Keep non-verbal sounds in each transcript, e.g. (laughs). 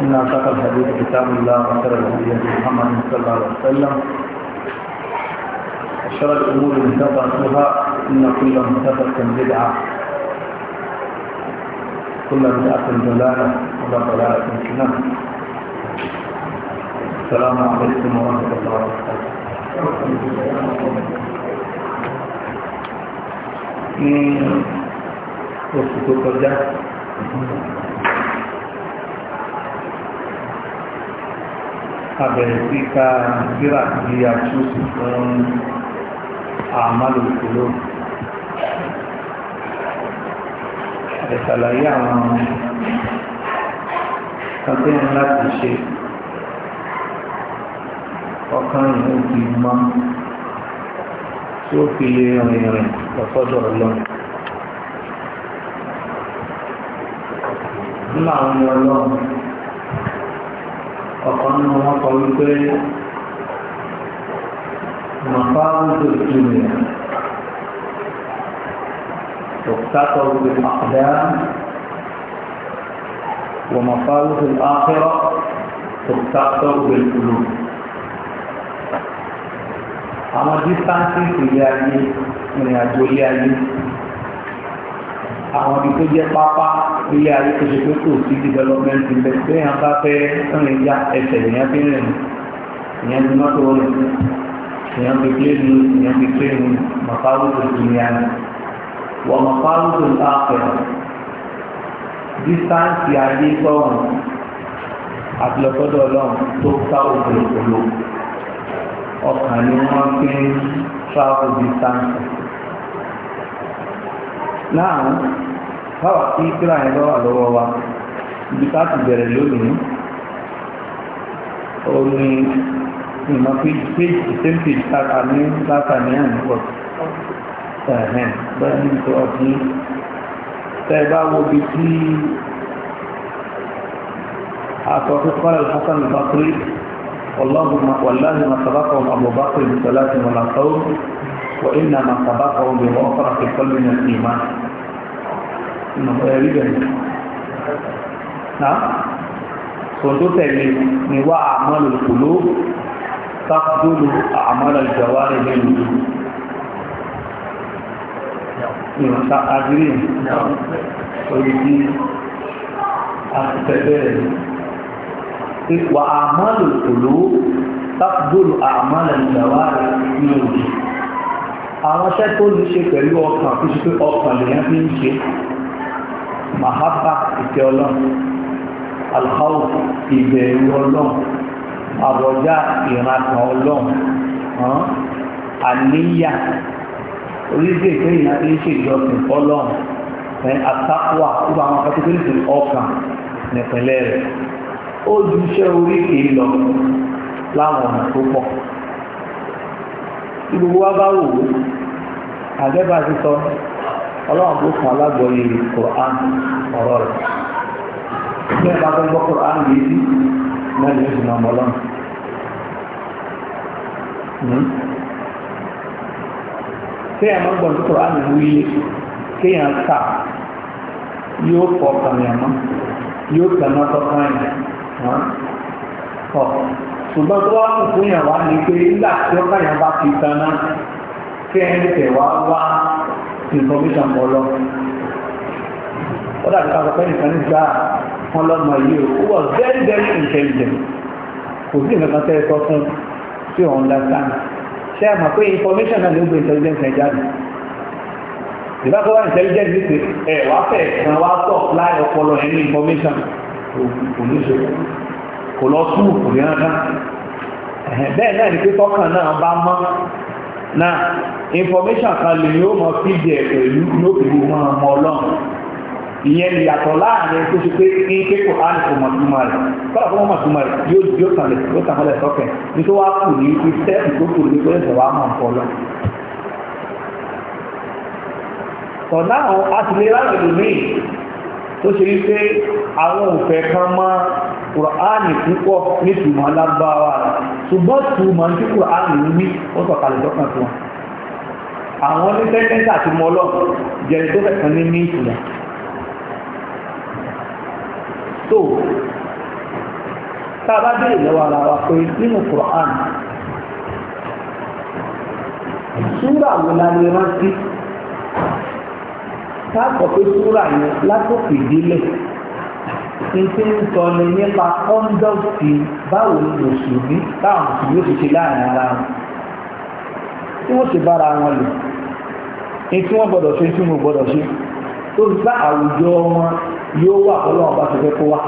إن أصدق الحديث كتاب الله وخير الهدي محمد صلى الله عليه وسلم وشر الأمور محدثاتها إن كل محدثة بدعة كل بدعة ضلالة ولا ضلالة في النار السلام عليكم ورحمة الله وبركاته ini untuk kerja abẹ̀rẹ̀ sí ká gíra sí àtúnṣe fún àmàlò ìṣòro àtẹ̀sàlàyé àwọn kọ́tẹ́yìn láti ṣe ọkàn ìlú ti mọ́ tí ó fi lè rìn rìn lọ́sọ́dọ̀ ọlọ́run nínú àwọn ọlọ́run ọ̀kan ní wọ́n kọ wípé màfá ń tó ìtumẹ̀ òkútàkọ̀ wípé àkàdá wọ́n màfá wípé àkẹ́rọ̀ wípé ìlú àwọn dísáńtì ìpìlẹ̀ ayé ìrìn ilé ayé àwọn ibi tó jẹ́ pápá ilé ayé tó ṣe pé kò sí development ibẹ̀ bẹ́ẹ̀ yẹn bá fẹ́ sọ̀rọ̀ ya ẹsẹ̀ ìyẹn fi rìn ìyẹn fi mọ́tò rẹ̀ ìyẹn fi pléènì ìyẹn fi pléènì màfáwù tó ti ní àná wọ́n màfáwù tó ń bá pẹ̀lú dísáǹsì ayé sọ̀rọ̀ ọlọ́run tó ká òfin òkòló ọkàn ni wọ́n fi ń travel distance. Now, báwa tí kíra yẹn lọ́wọ́ lọ́wọ́ wa ibi ká ti bẹ̀rẹ̀ lónìí ó ní ìmọ̀ péjì same page káka ní láta ní àná pọ̀ ẹ̀hẹ́n bẹ́ẹ̀ ní ìtọ́ ọ̀tún tẹ́ bá wo bí tí أعطوه قال الحسن البصري اللهم والله ما سبقهم ẹ̀rí bẹ̀rẹ̀ náà sọ̀tọ̀ tẹ̀lé ni wá àmọ́lò kòló sáfúdólò àmọ́lò ìjọwá rẹ̀ lẹ́nu ìrọ̀ta agiri orí tí a ti tẹ́lẹ̀ rẹ̀ wà àmọ́lò kòló sáfúdólò àmọ́lò ìjọwá rẹ̀ lẹ́nu àwọn iṣẹ́ tó ní ṣe pẹ̀lú ọkàn tó ṣe pé ọkàn lèyàn fi ń ṣe mahaba ìfẹ́ ọlọ́run alhaw ìbẹ̀rù ọlọ́run àbọ̀já ìrànkan ọlọ́run àníyà oríṣi ìfẹ́ ìyàtí ṣe ìjọsìn fọlọ́run àtàkùwà gbogbo àwọn akẹ́kọ̀ọ́ ọkàn nípínlẹ̀ rẹ̀ ó ju iṣẹ́ oríkèé lọ láwọn ọ̀nà tó pọ̀ tí gbogbo wa bá wò ó àgẹ́bà ti sọ ọlọ́run tó fún alágbọ̀ọ́yé Qur'an ọ̀rọ̀ rẹ̀ bí ẹ tó gbọ́ Qur'an yìí sí náà lè fi máa mọ ọlọ́run. Hmm? ṣé ẹ̀ máa ń gbọ́n tó Qur'an wí kéèyàn kà yóò fọ kàmìàmọ́ yóò tẹ̀mọ́ tọ́ka ẹ̀ ọ̀ ṣùgbọ́n tó wá kù fún yàn wá ni pé nígbà tí ọkà yàn bá fi taná kí ẹ̀ tẹ̀ wá wá information mọ́ lọ ó dàbí ká sọpẹ́ nìkan ní gbà wọn lọ́mọ yìí ó wọ very very intelligent kò sí nǹkan tẹ́ ẹ sọ fún tí ò understand ṣé ẹ mọ̀ pé information náà ló gbé intelligence ẹ̀ jáde ìbáfẹ́ wá intelligence ní pé ẹ wá fẹ́ kan wá tọ̀ láì ọpọlọ ẹ ní information kò ní ṣe kò lọ sùn kò ní rán bẹ́ẹ̀ náà ni pé tọ́kàn náà bá mọ́ na information kan lè yóò mọ fídíì ẹ̀ pẹ̀lú yóò fi lè mọ ọmọ ọlọ́run ìyẹn lè yàtọ̀ láàrin tó ṣe pé ní kéko àánì kò mọ̀ túmọ̀ rẹ̀ kọ́lá fún mọ̀ túmọ̀ rẹ̀ yóò yóò tàn lẹ̀ yóò tàn lẹ̀ sọ́kẹ̀ nítorí wàá kù ní ibi sẹ́ẹ̀kì tó kù ní pẹ́ẹ́sẹ̀ wàá mọ̀ nǹkan lọ. ọ̀nà àwọn àtìlẹ́yìn tó ṣe wípé àwọn òfẹ́ kan mọ́ kùránì púpọ̀ ní tùmọ̀ alágbára ṣùgbọ́n tùmọ̀ tí kùránì ń wí ó sọ̀kalẹ̀ lọ́kàn tí wọn àwọn ní tẹ́tẹ́ńtà àti mọ́lọ́ jẹ́rìí tó fẹ̀kan ní ní ìtura tó tá a bá dé ìlọ́wọ́ ara wa pé nínú kùránì súrà wo la lè rántí káàkọ̀ pé súrà yẹn látòkè délẹ̀ ìpè ń sọ ni nípa kọ́ńdọ̀tì báwo ni mùsùlùmí táwọn mùsùlùmí ó ti ṣe láàrin ara wọn tí wọ́n ti bára wọn lò ní tí wọ́n gbọ́dọ̀ ṣe tí wọ́n gbọ́dọ̀ ṣe tó fi bá àwùjọ wọn yóò wà ọlọ́run bá ti fẹ́ kó wá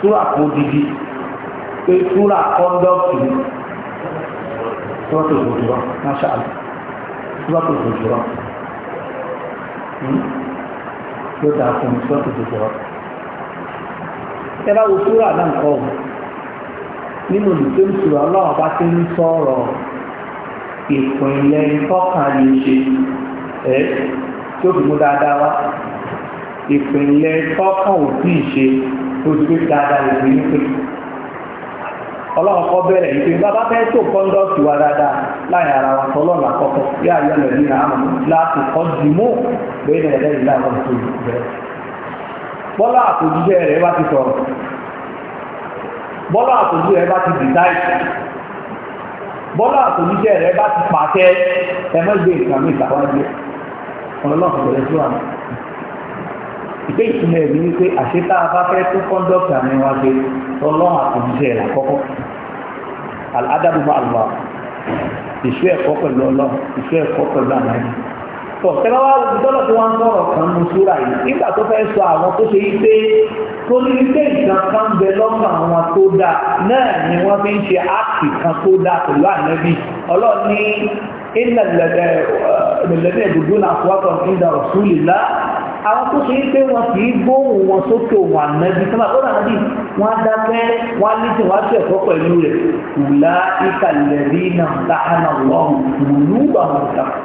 súrà kó didi pé súrà kọ́ńdọ̀tì súrà tó gbòdúrà máṣáàlú súrà tó gbòdúrà yóò dáa fún mi sọ́ọ̀tù tó jọ. ẹ bá wo súrà náà kọ́ ọ nínú olùgbé ìṣúra ọlọ́run bá ti ń sọ̀rọ̀ ìpínlẹ̀ ìfọ́kànlẹ̀ ṣe ẹ̀ tó fi mú dáadáa wá ìpínlẹ̀ ìfọ́kàn òbí ṣe tó ti gbé dáadáa ìpínlẹ̀ ọlọ́run kọ́ bẹ̀rẹ̀ ìpè bàbá fẹ́ tó kọ́ńdọ́ọ̀tì wa dáadáa láì ara wa tọ́ lọ́nà àkọ́kọ́ yá ayọ́ lẹ̀ ní àmọ́ láti kọ́ dìímọ̀ bẹ́ẹ̀ ní ẹ̀dẹ́ ìlà àwọn tó bẹ̀rẹ̀. bọ́lá àtòjúṣe rẹ̀ bá ti sọ̀rọ̀ bọ́lá àtòjúṣe rẹ̀ bá ti dìtáì bọ́lá àtòjúṣe rẹ̀ bá ti pàtẹ ẹ̀mọ́gbé ìkàmì ìtàwájú ọlọ́run bẹ̀rẹ̀ ìpè ìtumọ̀ ẹ̀mí wípé àṣetá abáfẹ́ tó kọ́ńdọ́kì àmì wa ṣe ọlọ́run àtòjíṣẹ́ rẹ̀ àkọ́kọ́ adábùbọ̀ àlùbà ìṣú ẹ̀kọ́ pẹ̀lú ọlọ́run ìṣú ẹ̀kọ́ pẹ̀lú àmì tọ̀ tẹ́lá wá dọ́lọ̀ tí wọ́n ń sọ̀rọ̀ kan mú súra yìí nígbà tó fẹ́ sọ àwọn tó ṣe pé tó ní ilé ìtàn kan bẹ lọ́kàn àwọn tó dáa náà ni wọ́n fi ń ṣe áàkì kan tó dáa pẹ̀lú ànábì ọlọ́ọ̀ni iná lẹ́lẹ́dẹ́ ìbùdó náà fún wákọ̀ ìdá rasulillah àwọn tó ṣe pé wọn kì í gbóhùn wọn sókè wọn ànábì sọ́nà ó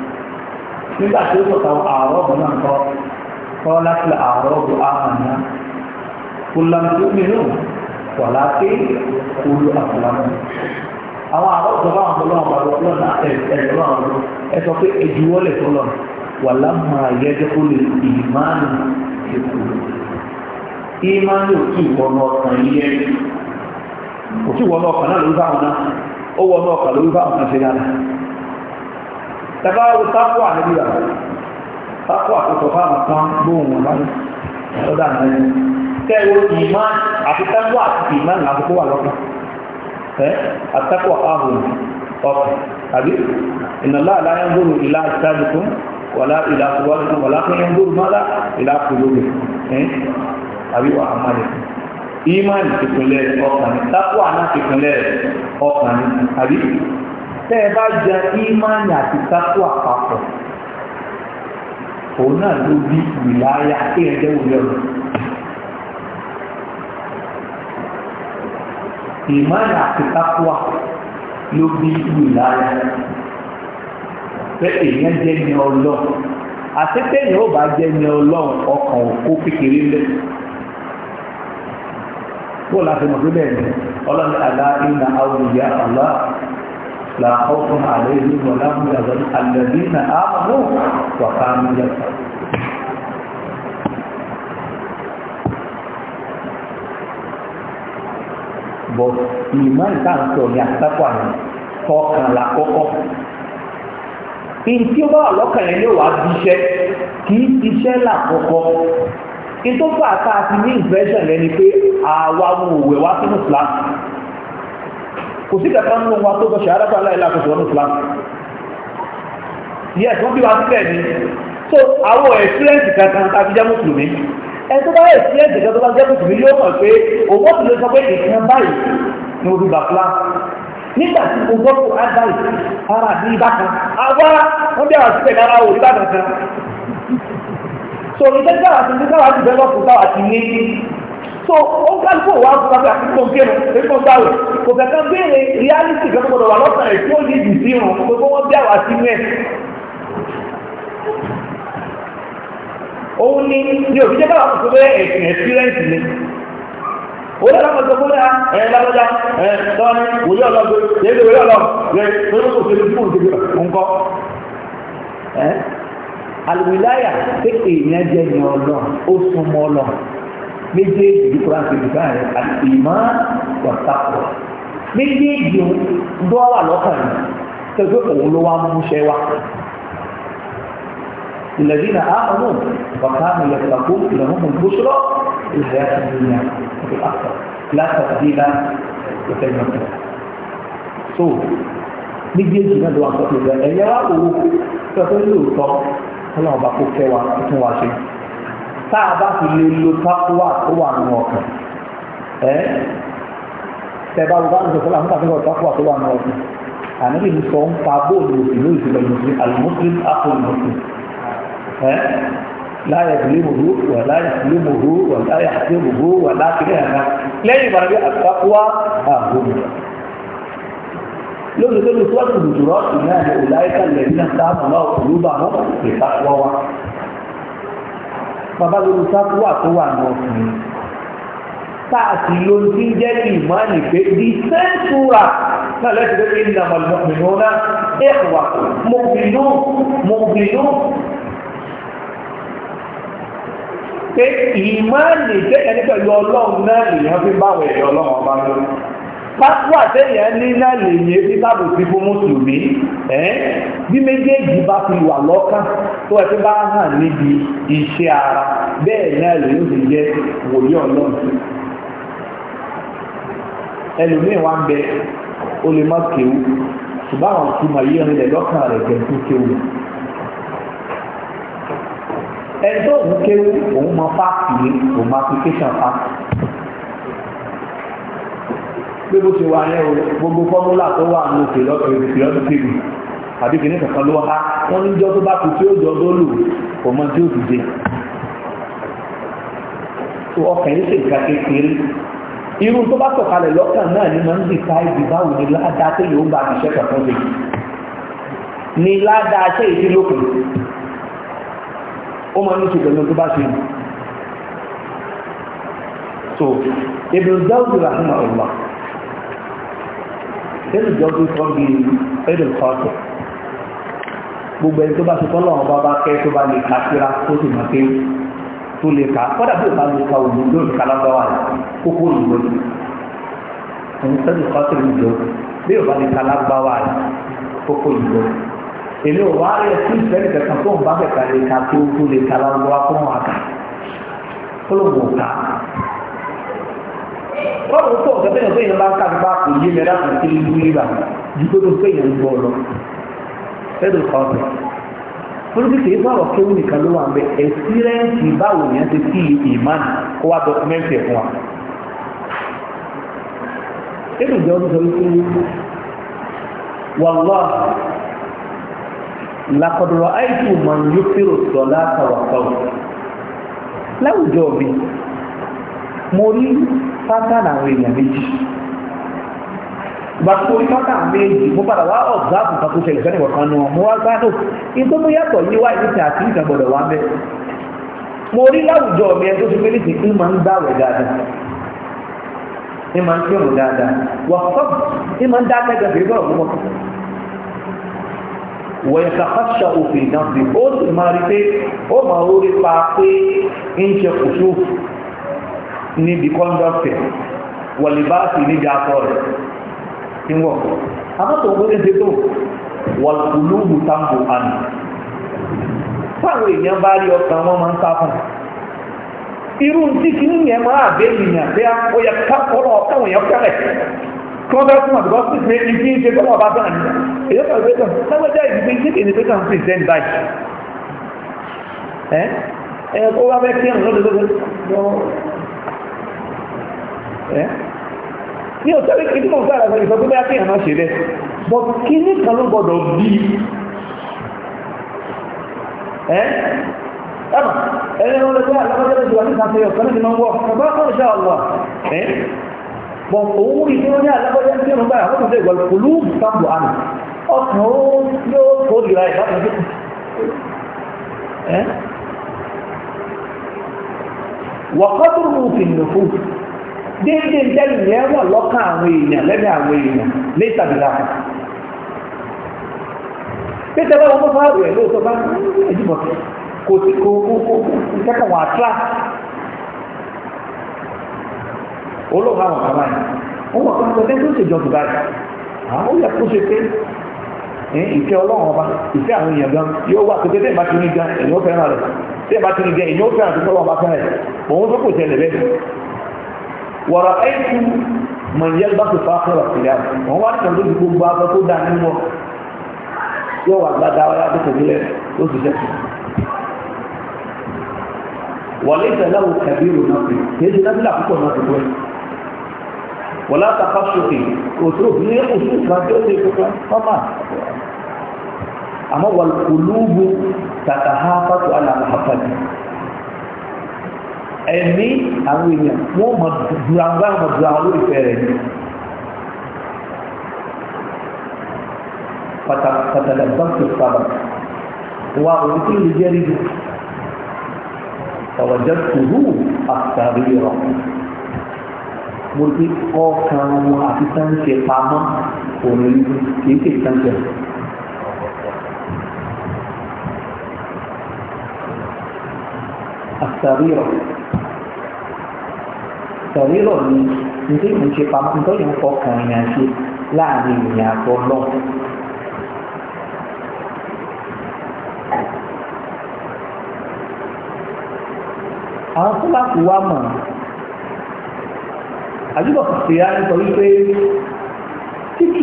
nígbà tí ó sọ̀tà àrọ́bù náà kọ́ kọ́ láti àrọ́bù àmàna kùlàǹtì mìíràn wà láti olú àfọlámù àwọn àrọ́bù bá wọn lọ́wọ́ bá lọ́wọ́ náà ẹ̀ẹ́dẹ̀ lọ́wọ́ ẹ sọ pé ìjuwọ́lẹ̀ tó lọ wà lámà yẹ́dẹ́ kó lè ìmáàlì èkó ìmáàlì òkú ìwọ̀nà ọ̀kan yẹ òkú ìwọ̀nà ọ̀kan náà ló bá náà ó wọ̀nà ọ̀kan ló bá náà ṣe tẹ́fà wo tápọ̀ àlébí rà tápọ̀ àkókò fáwọn kan gbóhùn wọn bá ní ọ̀dà náà ní kẹ́wọ́ ìmá àti tápọ̀ àti ìmá ní àkókò wà lọ́kàn ẹ́ àtẹ́kọ̀ ahùn ọkàn àbí ìnàlá àláyé ń gbòòrò ìlà ìsáàdùkún wàlá ìlà àkùwárùkún wàlá fún yẹn ń gbòòrò mọ́lá ìlà àkùlógún ẹ́ àbí wà á máa tẹ́ ẹ bá jẹ ìmánì àti sáfù àpapọ̀ òun náà ló bí wìláyà kí ẹ jẹ́ wòlé ọ̀rọ̀ ìmánì àti sáfù ló bí wìláyà pé èèyàn jẹ́ ní ọlọ́run àti tẹ́yìn ó bá jẹ́ ní ọlọ́run ọkàn òkú kékeré lẹ́yìn bóòlù àti mọ̀tò bẹ́ẹ̀ ni ọlọ́run àlá ìlà àwùjá àlá لا خوف عليهم ولا هم يحزنون الذين آمنوا وكانوا يتقون but iman kan so ni atakwa ni ọkàn la kọ́kọ́ ìtí ó bá wà lọ́kàn yẹn yóò wá bíṣẹ́ kì í bíṣẹ́ là kọ́kọ́ ìtọ́fà tá a ti ní ìfẹ́sẹ̀ lẹ́ni pé àwa wo òwe wá sínú fúlàfù kò sí kẹta nínú wa tó sọ ṣàhádà aláìlá kò sọ ní islam yes wọ́n bí wa sílẹ̀ ni so àwọn experience kankan tàbí jẹ́ mùsùlùmí ẹni tó bá experience kankan tó bá jẹ́ mùsùlùmí yóò mọ̀ pé òwò tó lè sọ pé ìkan báyìí ni o bí bá fúlá nígbà tí o gbọ́ fún advice ara ní ìbákan àwa wọ́n bí àwọn sílẹ̀ nára òrí so ìtẹ́jáwà ti ní káwà ti bẹ́ẹ̀ lọ́kùn káwà ti so ó kálukú wa fún abẹ́ àti tó ń kéwòn èyí tó ń gbàwé kò fẹ́ kan béèrè reality kan gbọdọ̀ wà lọ́sàn rẹ̀ tí ó ní ìdù sí irun gbogbo wọn bí àwa sí mẹ́. òun ni ni òbí jẹ́ báwa kò fẹ́ ẹ̀sìn experience ni ah, wòlé ọlọ́mọ tó kúrẹ́ ẹ̀ lábẹ́dá ẹ̀ tọ́ni wòlé ọlọ́mọ yéé wòlé ọlọ́mọ yéé wòlé ọlọ́mọ tó kúrò tó kúrò ńkọ́ alùpùpù láyà pé èèyàn jẹ́ ìyàn ọlọ́run ó súnmọ́ ọlọ́run مجد في في الكتاب الإيمان والتقوى مجد يو دوا لوكان تجو الذين آمنوا وكانوا يتقون لهم البشرى في الحياة الدنيا وفي لا تبديل لكلمة الله سو مجد يو دوا لوكان يا رب تقول له طب هل هو tá a bá fi lè lo tápúwà tó wà nù ọkàn ẹ tẹ̀bá wo bá ń sọ̀tọ́ àwọn tàbí ọ̀tá fún àtọ́wà náà ọ̀sìn ànábì ní sọ ń pa bóòlù òsì ìsìlẹ̀ ìmùsùlùmí alimuslim apple ẹ láyà ìdílé mòhó wà láyà ìdílé mòhó wà láyà ìdílé mòhó wà lákìlẹ̀ àná lẹ́yìn ìbára bí àtàkùwà àgbòmù lórí tó ní sọ́ọ̀tù lùdùrọ̀ ìnáyà ọ̀láyà kàlẹ̀ bàbá lórí sáfúwà tó wà ní ọkùnrin táàtì ló ń tí ń jẹ́ kí ìmọ̀ọ́nì pé di sẹ́ńtúrà náà lẹ́sìn pé kí nà mọ̀lùmọ̀lùmọ̀ náà ẹ̀wà mọ̀bìnú mọ̀bìnú pé ìmọ̀ọ́nì jẹ́ ẹni pẹ̀lú ọlọ́run náà lèèyàn fi báwọ̀ ẹ̀yọ́ ọlọ́run ọba lórí pápú àtẹ̀yàn ní náà lè yẹ bí sábò sí fún mùsùlùmí bí méjèèjì bá fi wà lọ́kàn tó ẹ ti bá hàn níbi iṣẹ́ ara bẹ́ẹ̀ náà lè ń jẹ wòlíì ọlọ́run ẹlòmíì wá ń bẹ ó lè má kéwú ṣùgbọ́n àwọn tí màá yí ọ̀rìn lẹ̀ lọ́kàn rẹ̀ jẹ́ tó kéwú ẹjọ́ òun kéwú òun mọ fáàkì ní òun application fáàkì pé bó ti wà yẹn o gbogbo fọ́múlà tó wà ní òkè lọ́tọ̀ ìrètí lọ́dún tèmi àbí kìíní kankan ló há wọ́n ní jọ tó bá kù tí ó jọ tó lò kò mọ tí ó dìde tó ọkàn yìí ṣe ìka kékeré irú tó bá sọ̀kalẹ̀ lọ́kàn náà ni máa ń dì ká ibi báwo ni ládàá tó yóò gba àbíṣẹ́ kankan lè ni ládàá ṣe ìdí lópin ó máa ń ṣe pẹ̀lú tó bá ṣe so Ibn Jawzi rahimahullah lẹ́nu jọ bí kọ́ bí ẹ̀dùn kọ́ọ̀tù gbogbo ẹni tó bá ti tọ́lọ̀ ọba bá kẹ́ tó bá lè ka síra tó sì mọ̀ pé tó lè ka kọ́dà bí òbá lè ka òun yóò lè ka lágbáwá rẹ̀ kókó òyìnbó ni òun sẹ́dùn kọ́ọ̀tù ní jọ bí òbá lè ka lágbáwá rẹ̀ kókó òyìnbó ni èmi ò wá rẹ̀ sí ìfẹ́ni kẹ̀kẹ́ tó ń bá bẹ̀ka lè ka tó lè ka lágbáwá fún àkà kó ló mọ̀ ká rọ́ọ̀bù pọ̀ gẹ́gẹ́ náà péyàn bá ń kájú bá kò yé mẹ́rà kò kí ló rí rà ju pé ló péyàn ń gbọ́ lọ fẹ́dùn kan bẹ̀. Polisi kìí sọ̀rọ̀ kéwù nìkan ló wà bẹ́ẹ̀ ẹ̀sírẹ́ǹsì báwo ni a ti fi ìmáà kó wá dọ́kúmẹ́ǹtì ẹ̀ fún wa. Ebi jẹ́ ọdún sọ wípé wàlláhi lakọ̀dọ̀rọ̀ àìsù màn yóò fèrò sọ látàwàtàwà. Láwùjọ mi, mo rí pátánà àwọn èèyàn méjì ìgbà tó rí pátánà méjì mo padà wá ọ̀gáàbù kan tó ṣe ìgbẹ́ni ọ̀kan nu mo wá gbá náà ní tó tó yàtọ̀ yí wá ìlú ti àti ìgbà gbọ́dọ̀ wá mẹ́ mo rí láwùjọ mi ẹ tó ṣe pé ní ti ń máa ń gbàwẹ̀ dáadáa ní máa ń kírun dáadáa wà fọ́ọ̀bù ní máa ń dá akẹ́kọ̀ọ́ bèbí ọ̀gbọ́n mọ́ wẹ̀kàkàṣà òfin náà ó sì máa rí pé ó máa rí pa pé níbi kọ́ńdọ́tẹ̀ wọ̀lìbáàsì níbi akọ rẹ̀ tí wọ́n amọ́tò ògbóni ṣe tó wọ̀lùkùlùmù tambo àná fáwọn èèyàn bá rí ọkàn wọn máa ń sá fún irú tí kí ní yẹn máa bẹ ènìyàn bí a ó yẹ ká kọ́rọ̀ káwọn èèyàn fẹ́rẹ̀ kí wọ́n bá fún àbúrò sí pé ibi ń ṣe ní eh? òtẹ́lẹ̀ kí ní mọ̀ sára sọ ìsọ tó bá kí ìyàmá ṣe rẹ̀ bọ̀ kí ní kan ló gbọdọ̀ bí ẹ́ eh? ẹ̀mà ẹni wọn lọ sí àlọ́kọ́jọ́ ìjọba eh? ní sàfihàn ọ̀kan ní ìmọ̀ wọ̀ ọ̀bá kọ́ ìṣẹ́ ọ̀lọ́ ẹ́ bọ̀ òun rí fún ní àlọ́kọ́jọ́ tí wọ́n báyà wọ́n tó ìgbà pẹ̀lú ìsàmbò àmì ọkàn ó yóò tó dìra déédéé jẹ́lì yẹn wọ̀n lọ́kàn àwọn èèyàn lẹ́nu àwọn èèyàn ní ìtàbílà pété bá wọn fáwọn rẹ̀ lóòótọ́ bá ẹjúbọ̀ kò sí kò kò kò kẹ́kọ̀ọ́ wọn àtúrà olóòwò àwọn kan báyìí wọn wọ̀ kọ́ńtà tẹ́tí ó ṣèjọ́ dùbà yìí àwọn yẹ kó ṣe pé ìfẹ́ ọlọ́run ọba ìfẹ́ àwọn èèyàn gan yóò wà pété tẹ́ẹ̀ bá ti ní gan ẹ̀yìn ó fẹ́ràn rẹ̀ tẹ́ẹ̀ bá ti ní gan ẹ̀yìn ó fẹ́ràn tó tọ́wọ́ wọ̀rọ̀ ẹ̀kú mọ̀nyẹ́ bá ti fa fẹ́rọ̀ sílẹ̀ wọn wá tẹ̀ lójú gbogbo abẹ́ tó dá nínú wọn yóò wà gbádá ọyá tó kò nílẹ̀ ó ti jẹ́ wọlé ìtẹ̀lẹ́ wo kẹ̀bí rò náà fi kì í àkókò náà ti pẹ́ wọlé àtàkà sókè òtún òbí ní oṣù kan tó ṣe kókó fọ́mà àmọ́ wọlé olúbu tàtàhà fàtó àlàmà àfàdé ẹ̀mí àwọn èèyàn wọ́n mọ̀ dùràǹgbà mọ̀ dùràǹgbà ìfẹ́ rẹ̀ ni. pàtàkì báńkì sábà wa òun tí ìlú jẹ́ rí ọ̀rọ̀ jẹ́ tòrú àtàrí rọ̀ mo ti kọ́ kan wọn àti sáńṣe pamọ́ òun kì í ṣe sáńṣe. السريرة tọ̀rírọ̀ ni nítorí mo ṣe pamọ́ nítorí mo fọkàn ìyàn ṣe láàrin ìyàn àtọ̀ lọ. àwọn tó bá kú wá mọ̀ àdúgbò kòtò yá ń sọ wípé tí kì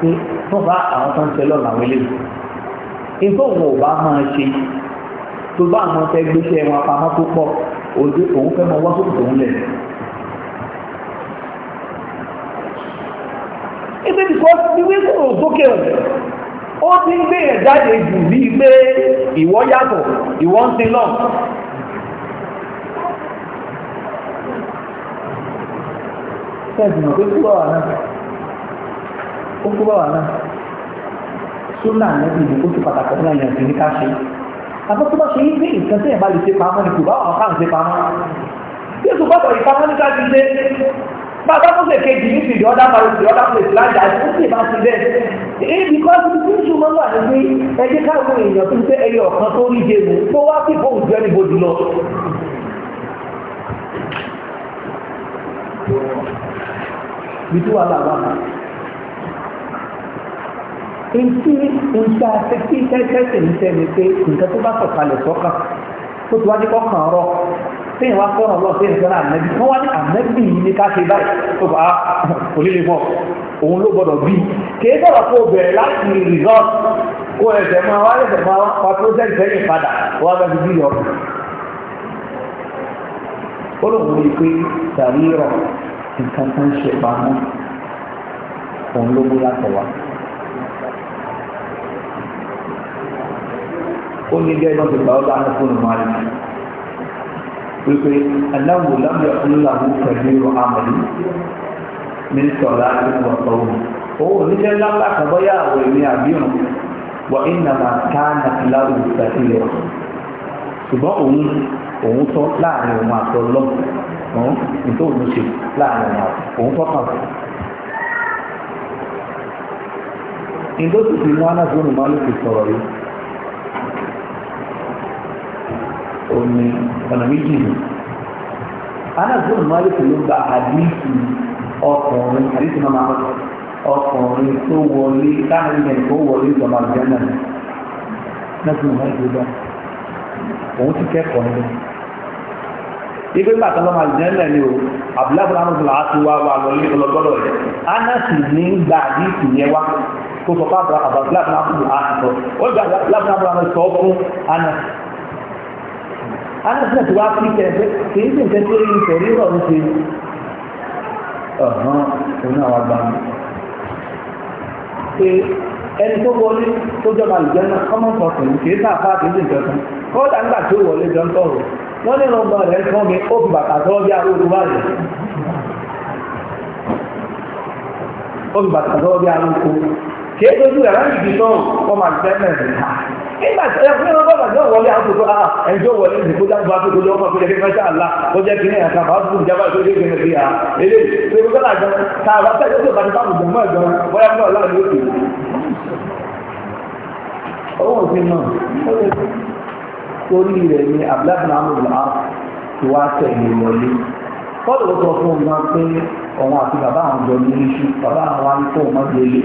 pé wọ́n bá àwọn tó ń tẹ lọ́nà àwọn eléyìí nǹkan òun ò bá máa ṣe tó bá àwọn fẹ́ gbéṣẹ́ wọn pamọ́ tó pọ̀ òde òun fẹ́ mọ wá sókè òun lẹ̀. ibi nìkan ti wí kúrò sókè o ó ti ń gbé yẹn jáde jù bíi pé ìwọ yàtọ̀ ìwọ ń sin lọ. sẹ́ẹ̀dì mọ̀ pé kúrò àwọn ó kó bá wà náà súnà nẹ́bí ìdìbò ti pàtàkì fún àyàn ìdí ní ká ṣe àbọ̀ tó bá ṣe yí pé nǹkan tí ẹ̀ bá lè ṣe pamọ́ ni kò bá wọn káà ń ṣe pamọ́ bí èso gbọ́dọ̀ ìpamọ́ ní ká ti ṣe bá a bá tó ṣe kejì ní ti ìdíọ́dá parí ti ìdíọ́dá parí ti lájà ó sì máa ti bẹ́ẹ̀ èyí bí kọ́ ti tún ṣùgbọ́n wà ní ẹjẹ́ káwọn èèyàn tó ń fẹ́ ẹyọ ọ̀kan tó rí jẹ́mu tó wá sí fóun jẹ́ níbodì lọ. bí tí wàá bàbá kan etí nta tẹ́tí tẹ́tẹ́tẹ́ ní sẹ́ni pé nǹkan tó bá sọ̀kalẹ̀ sọ́kàn tó ti wá ní kọ́kàn rọ sẹ́yìn wá sọ̀rọ̀ lọ sí ìṣẹ́lá ànẹ́bí wọ́n wá ní ànẹ́bí yìí ní ká ṣe báyìí tó bá onílé mọ́ òun ló gbọ́dọ̀ bí kìí sọ̀rọ̀ kó bẹ̀rẹ̀ láti resort kó ẹsẹ̀ máa wá ẹsẹ̀ máa wá project sẹ́yìn padà wá bẹ́ẹ̀ bí yọ. ó lóun rí i pé sàrí rọ nǹkan tó ń ṣe pamọ́ òun ló mú látọ̀ wá. ó ní bí ẹjọ́ ti gbà ọ́ dáná fún ìmọ̀ àlejò wípé ẹ̀dáwò lábẹ́ ọ̀làwò pẹ̀lú àmàlí ní sọ̀rọ̀ àdúgbò ọ̀tọ̀ òun òun níjẹ́ lábà kàbọ́yà àwọ̀ èmi àbíọ̀n wọ ìnàmà káàna láwù ìsàtìlẹ̀ ṣùgbọ́n òun òun tọ́ láàrin òun àti ọlọ́ nítorí òun ṣe láàrin òun òun tọ́ kàn. ìdókòtì ní wọn náà tó nù máa sọ̀rọ̀ yìí òní ọ̀nà méjì ni anáàzọ́nù máàlùkù ló gba àdìsí ọkùnrin àdìsí máa ọkùnrin tó wọlé káàrin yẹn tó wọlé ìjọba àjẹ́nà náàzọ́nù máàlùkù gbà òun ti kẹ́kọ̀ọ́ ní ibi nígbà tó lọ́mọ àjẹ́nà ni o àbúláàbù náà ló láti wá wà lọ́lé ọlọ́gbọ́dọ̀ rẹ̀ anáàsì ní gba àdìsí yẹn wá tó sọ fún àbúláàbù náà sọ ó gba sọ anas náà ti wá fi kẹ̀kẹ́ kì í sì fẹ́ sí orí ìfẹ́ rírọ̀ ń ṣe ọ̀hán òun náà wá gbà mí. pé ẹni tó wọlé tó jọba àlùjọ náà ọmọ kọ̀ọ̀kan kì í sà fà kì í sì jọkan kọ́ọ̀dà nígbà tí ó wọlé jọ ń tọ̀rọ̀ wọ́n ní ìrọ̀gbà rẹ̀ fún mi ó fi bàtà sọ́ọ́ bí arúgbó wà rẹ̀ ó fi bàtà sọ́ọ́ bí arúgbó kì í tójú rẹ̀ láti fi tán ọmọ àgbẹ̀ mẹ́rin nígbà tí ẹ fún ọgbà náà wọlé àkókò àà ẹjọ́ wọlé ìdìbò dáńgbà tó kọjá ọmọ fún ẹgbẹ́ mẹ́ta àlá ó jẹ́ kínní àkà bá fún ìjábá tó dé gbẹmẹ sí à èlé ìpè kó kọ́lá gan tá a bá fẹ́ tó bá ti bá bùbù mọ́ ẹ̀gbọ́n bóyá mọ́ ọ̀la ni ó kì í. torí rẹ̀ ni abdulhamid ti wá tẹ̀lé wọlé kọ́lù ó sọ fún un pé òun àti bàbá àwọn jọ ní iṣu bàbá àwọn wá ní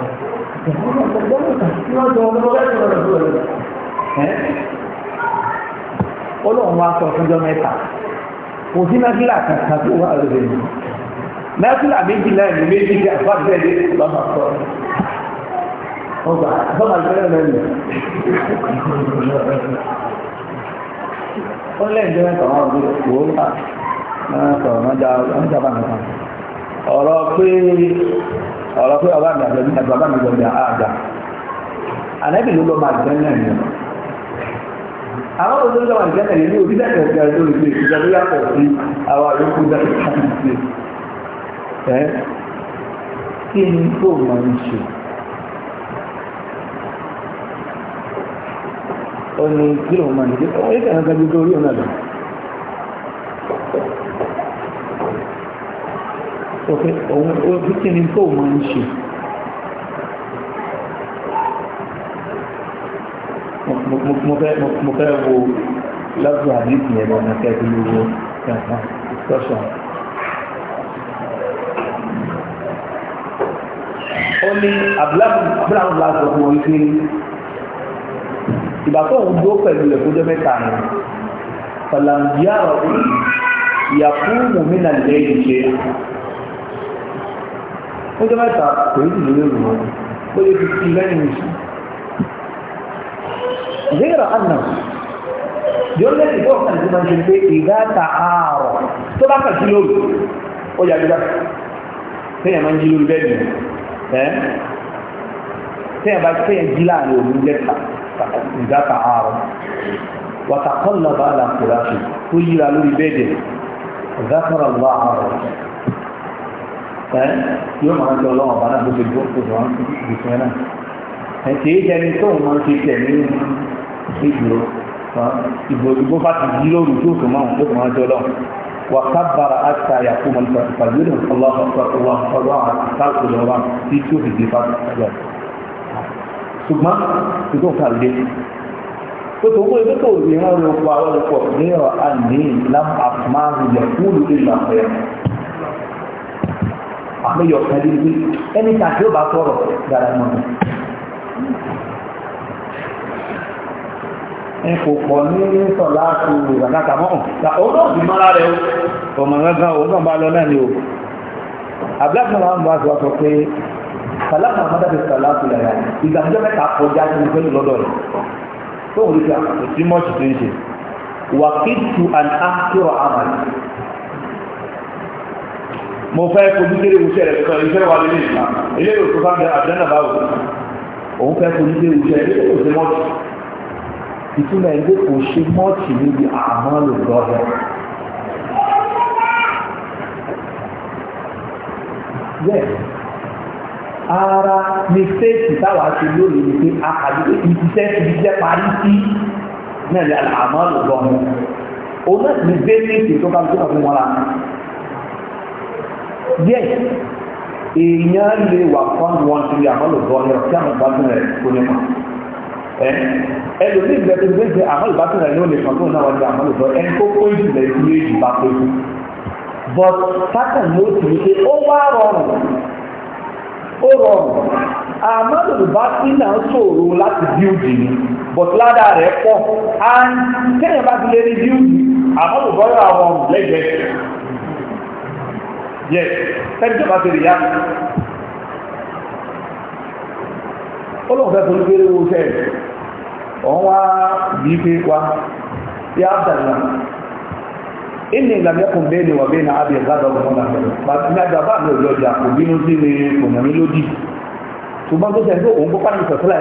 kó ọlọ́run wa sọ fúnjọ mẹ́ta kò sí náfìlà kankan tó wà lóde ní náfìlà méjì náà ní méjì kí àgbà bẹ́ẹ̀ lé lọ́mọ sọ ọgbà àbọ̀mà bẹ́ẹ̀ lẹ́nu ó lẹ́yìn tó mẹ́ta wọn bí wò ó bá náà sọ̀rọ̀ náà já ọjà bá nìkan ọ̀rọ̀ pé ọ̀rọ̀ pé ọba mi àgbẹ̀bí àti bàbá mi gbọ̀dọ̀ àgbà ànábì ló lọ máa jẹ́ náà ni àwọn òṣèlú lọ́wọ́ ìjẹ́ náà ní orílẹ̀ èdè ẹ̀rọ ìgbé ìjọba tó yàtọ̀ sí àwọn àyókù dáadáa ti ṣe ẹ́ kí ni tó máa ń ṣe ó ní kí kan gbé orí ọ̀nà òfin òun òfin ní kó mọ́ ń ṣe mo fẹ́ wo lọ́gbọ̀n àdìsí ẹ̀rọ ọ̀nà kẹ́kẹ́ lówó kẹta discussion ó ní abúláwọ̀ lásán fún wọn pé ìgbà tó ń dúró pẹ̀lú rẹ̀ fójọ́ mẹ́ta rẹ̀ fàlàǹdíà ọ̀rọ̀ yìí ìyàkú mùmínà lẹ́yìn ṣe ọjọ́ mẹ́ta kò ní ìlú lórí wọn ó lè fi fi lẹ́yìn ìṣù zera anna yóò lè ti gbọ́ọ̀kan tí wọ́n ṣe pé ìdáta àárọ̀ tó bá kàtí lórí ó yà gbígbà tẹ́yà máa ń jí lórí bẹ́ẹ̀ ẹ́ tẹ́yà bá tẹ́yà ẹ yóò máa ń lọ ọlọ́run ọba náà bó ṣe gbó kó wọ́n ti gbèsè náà ẹ kì í jẹni tó ń máa ṣe tẹ̀lé ìgbòho ìgbò ìgbò bá ti yí lóru tó tó máa ń tó máa jọ lọ wà kábàrà àti àyàkó mọ̀ nípa ìpàdé ọlọ́ọ̀ọ́ àtàkùn lọ́wọ́ tí tó fi gbé bá lọ. ṣùgbọ́n ìgbò kàlùdé tó tó kó ìgbò tó ìran ló pa ọlọ́pọ̀ ní ọ̀ àní lámàmáhùn yẹ kúlù ìlànà àmúyọ̀ kan lé ní ẹni tàbí ó bá sọ̀rọ̀ dára mọ́ mi. ẹ kò pọ̀ ní sọ̀ láti ìrànláta mọ́ ọ̀hún òun náà sì mọ́ra rẹ̀ o ọmọ gángan òun náà bá lọ náà ni o àbúrò àwọn ọmọ àti wa sọ pé sàlámù mo fẹ́ kojú kéré wúṣẹ́ rẹ̀ sọ iṣẹ́ wà lórí ìgbà ilé ìwé tó fáwọn àdánà báwò òun fẹ́ kojú kéré wúṣẹ́ ilé ìwé tó mọ́tì ìtumọ̀ ilé kò ṣe mọ́tì níbi àmọ́ lòdọ́dọ̀ bẹ́ẹ̀ ara mistake táwa ṣe lórí ni pé àkàdé ìṣiṣẹ́ ti jẹ́ parí sí náà ni àmọ́ lòdọ́dọ̀ òun náà ti gbé ní ìṣèjọba tó kà fún wọn lára díẹ̀ èèyàn lè wà fún wọn sí àmọ́lòbọ́ ní ọ̀sẹ̀ àmọ́lòbátún rẹ̀ kò ní mọ̀ ẹlòmí ìgbẹ́tò gbé ṣe àmọ́lòbátún rẹ̀ ní ó lè kàn fún náà wọ́n jẹ́ àmọ́lòbọ́ ẹni tó kó ìjìnlẹ̀ sí èjì bá pé fún but sátán ló ti wípé ó wá rọrùn ó rọrùn àmọ́lòbátún náà ṣòro láti bíúdì ni but ládà rẹ̀ pọ̀ and kéèyàn bá ti lè rí bíúdì àmọ́lòbọ́ yẹ ẹni tó bá tẹ̀lé yá ó lóun fẹ́ fún gbére owó sẹ́ẹ̀ ọ̀hún wá bí pé wá yá àbdàlá inú ìlàmẹ́kùn bẹ́ẹ̀ ni wà bẹ́ẹ̀ náà abẹ́ ìgbàdọ̀ ọ̀gbọ̀n náà ní àgbà bá mi ò lọ́jà kò bínú sí ni kò nàmí lódì ṣùgbọ́n tó sẹ́ni tó òun kó pàdé ìsọ̀tẹ́lá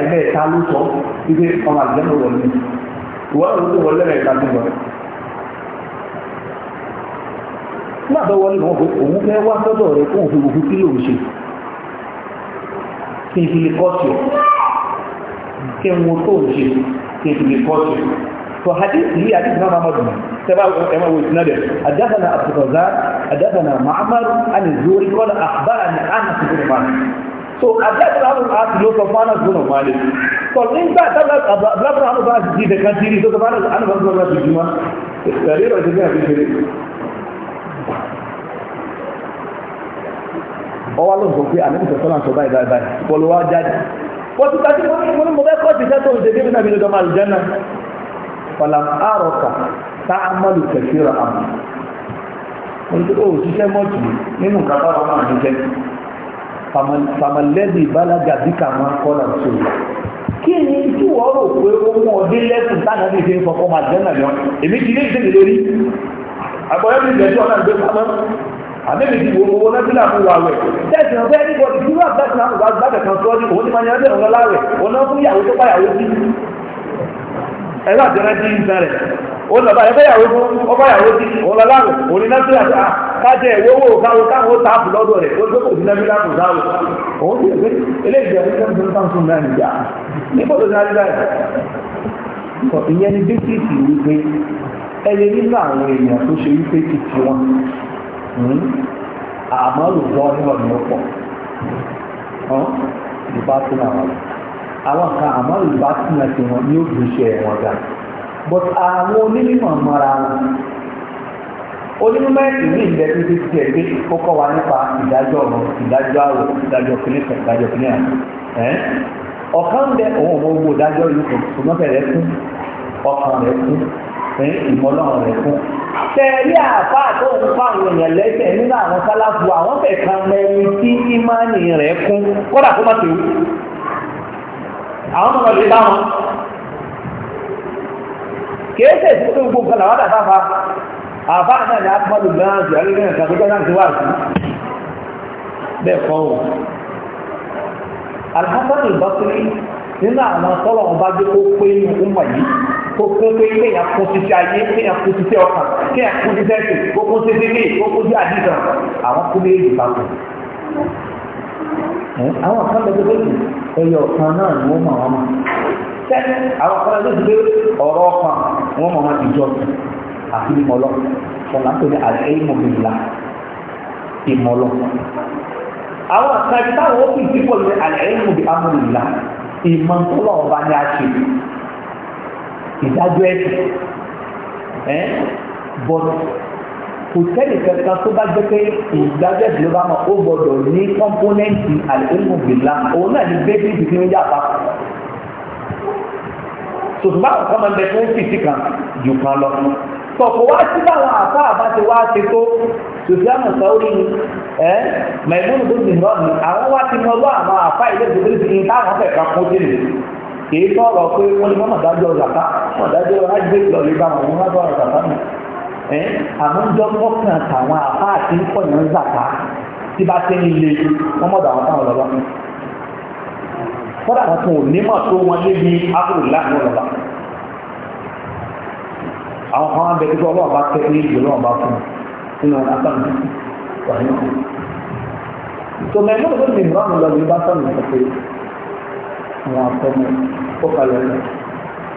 nígbà tó wọlé wọn pé òun fẹ́ wá sọ́dọ̀ rẹ kóun fi gbogbo kí lòun ṣe kí n fi lè kọ́ọ̀tù kí n wo tóun ṣe kí n fi lè kọ́ọ̀tù فحديث هي حديث ما مضمون تبع الإمام وإسناده حدثنا عبد الرزاق حدثنا معمر عن الزوري قال أخبرني أنس بن مالك so abdulrahman abu as ló sọ fún anas bin malik so nígbà tábìlì abdulrahman abu as di ìdẹ̀kan tí ní sọ fún anas bin malik ti ọwọ́ ló ń sọ pé ànábì sọ̀tọ́ náà sọ báyìí báyìí báyìí pọ̀lú wa jáde wọ́n ti gbàtí mo ní mo bẹ́ kọ́ ti sẹ́tọ̀ òde bíbí náà mi ní dọ́mà àlùjẹ́nà falam arọ̀kà tá a mọ́lù kẹ̀kẹ́ rà ámù mo ní o ṣiṣẹ́ mọ́tù nínú kàtà ọmọ àníjẹ́ famalẹ́bí balaga bí kà máa kọ́ là tó kí ni tí wọ́n rò pé ohun ọdún lẹ́sùn táwọn ti fi ń fọkọ́ máa jẹ́ náà yọ èmi ti ní ìdílé rí àgbọ̀yọ́ mi bẹ̀ tí àmẹ́bí ti wo owó lẹ́bílà fún wa wẹ̀ tẹ́sí ọ̀fẹ́ níbọ̀dì tí wọ́n àgbàtì náà wà gbàgbẹ̀ kan sọ ní òun ní maní ẹgbẹ̀rún lọ́la rẹ̀ ọ̀nà fún ìyàwó tó bá yàwó sí ẹ̀rọ àjọra jí ń sẹ́rẹ̀ ó lọ́ba ẹgbẹ́ yàwó fún ọba yàwó sí òun lọ́la rẹ̀ òun ní nọ́sílà tó a ah, kájẹ ìwé owó káwó káwó tààfù lọ́dọ̀ rẹ̀ ó gbé kò sí lẹ́bílà kò sáwò òun sì gbé eléyìí ẹ̀rí sẹ́mi tó ń sàn fún náà nìyà níbo ló sáré báyìí ìyẹn ni bíkìtì wípé ẹni nínú àwọn èèyàn tó ṣe wípé kìtì wọn Hmm? àmọ́ lùdọ́ ní ọ̀nà ọ̀pọ̀ ìbá tún àwọn àwọn kan àmọ́ ìbá tún àti wọn ní òbíṣẹ́ wọn ga but àwọn onímọ̀ mara wọn onímọ̀ ẹ̀sìn ní ìlẹ̀ tó ti tiẹ̀ gbé kókó wa nípa ìdájọ́ ọ̀rọ̀ ìdájọ́ àrò ìdájọ́ kìnìkan ìdájọ́ kìnìkan ọ̀kan bẹ òun ọmọ ogun ìdájọ́ yìí kò tó mọ́fẹ̀ẹ́ rẹ fún ọkàn rẹ fún fún ìmọ̀lọ́run rẹ̀ fún. Tẹ̀rí àfa àtọ́hún fáwọn èèyàn lẹ́sẹ̀ nínú àwọn sáláfù àwọn fẹ̀ka mẹ́rin tí ìmánì rẹ̀ kún kódà kó má tèwú. Àwọn ọmọ rẹ̀ bá wọn. Kìí ṣe ìṣẹ́jú gbogbo nǹkan làwọn àdàbà fa. Àfa náà ni Akpọ́lù Gbẹ́rán ti àríwá ìrìn àkàtọ́ Gbẹ́rán ti wà sí. Bẹ́ẹ̀ kọ́ o. Alhassan al-Basri nínú àwọn tọ́lọ̀ wọn bá dé kó pé ní ọmọ yìí kó pé pé kéèyàn kún títí ayé kéèyàn kún títí ọkàn kéèyàn kún títí ẹsẹ̀ kó kún títí ní kó kún títí àdìsàn àwọn kún méjì bá kún. àwọn kan lọ sí pé ẹyọ kan náà ni wọ́n mọ̀ wọ́n mọ̀ tẹ́lẹ̀ àwọn kan lọ sí pé ọ̀rọ̀ ọkàn wọ́n mọ̀ wọn ìjọ àti ìmọ̀lọ́ ọ̀là ń pè ní àlẹ́ ìmọ̀lá ìmọ̀lọ́ àwọn kan táwọn ó fi sí pọ̀ ní àlẹ́ ìmọ̀lá ìmọ̀ tọ́lọ̀ ọba ni a ṣe ìdájọ́ ẹ̀sìn ẹ́ bọ́ọ̀lù kò sẹ́ni kankan tó bá gbé pé ìdájọ́ ìdílé bá mọ̀ ó gbọ́dọ̀ ní kọ́mpónẹ́ǹtì àlùmọ̀gbìlá òun náà ní bébí ìdílé ń yàpá tòtùbá ọ̀kan máa ń jù kan lọ tọ̀pọ̀ wá sí báwọn àfa àbá ti wá ṣe tó sùfìàmù sáórì ni ẹ mẹ̀múnù tó ti rọ ni àwọn wá ti mọ lọ àwọn àfa ilé ìdókòwò ti ní táwọn fẹ̀ ká kún sí ni kìí sọ̀rọ̀ pé wọ́n ní mọ́mọ́ dájọ́ zàká mọ́mọ́ dájọ́ ajé lọ́lé bá wọn wọ́n lọ́dọ̀ ọ̀rọ̀ zàká mi ẹ àmọ́ ń jọ fọ́kàn tàwọn àfa àti pọ̀yàn zàká tí bá ti ń le wọ́n mọ̀dọ̀ àwọn táwọn lọ́lọ́ kọ́dà wọn kò ní àwọn kan wọn bẹ kí ọlọ́run bá tẹ́ ní ìlú ọlọ́run bá fún un nínú asámi wà ní ọ̀hún. tó mẹ́rin ló ti mìíràn lọ ní bá sọ̀rọ̀ sọ pé àwọn afọ́mọ́ ó kalẹ̀ lọ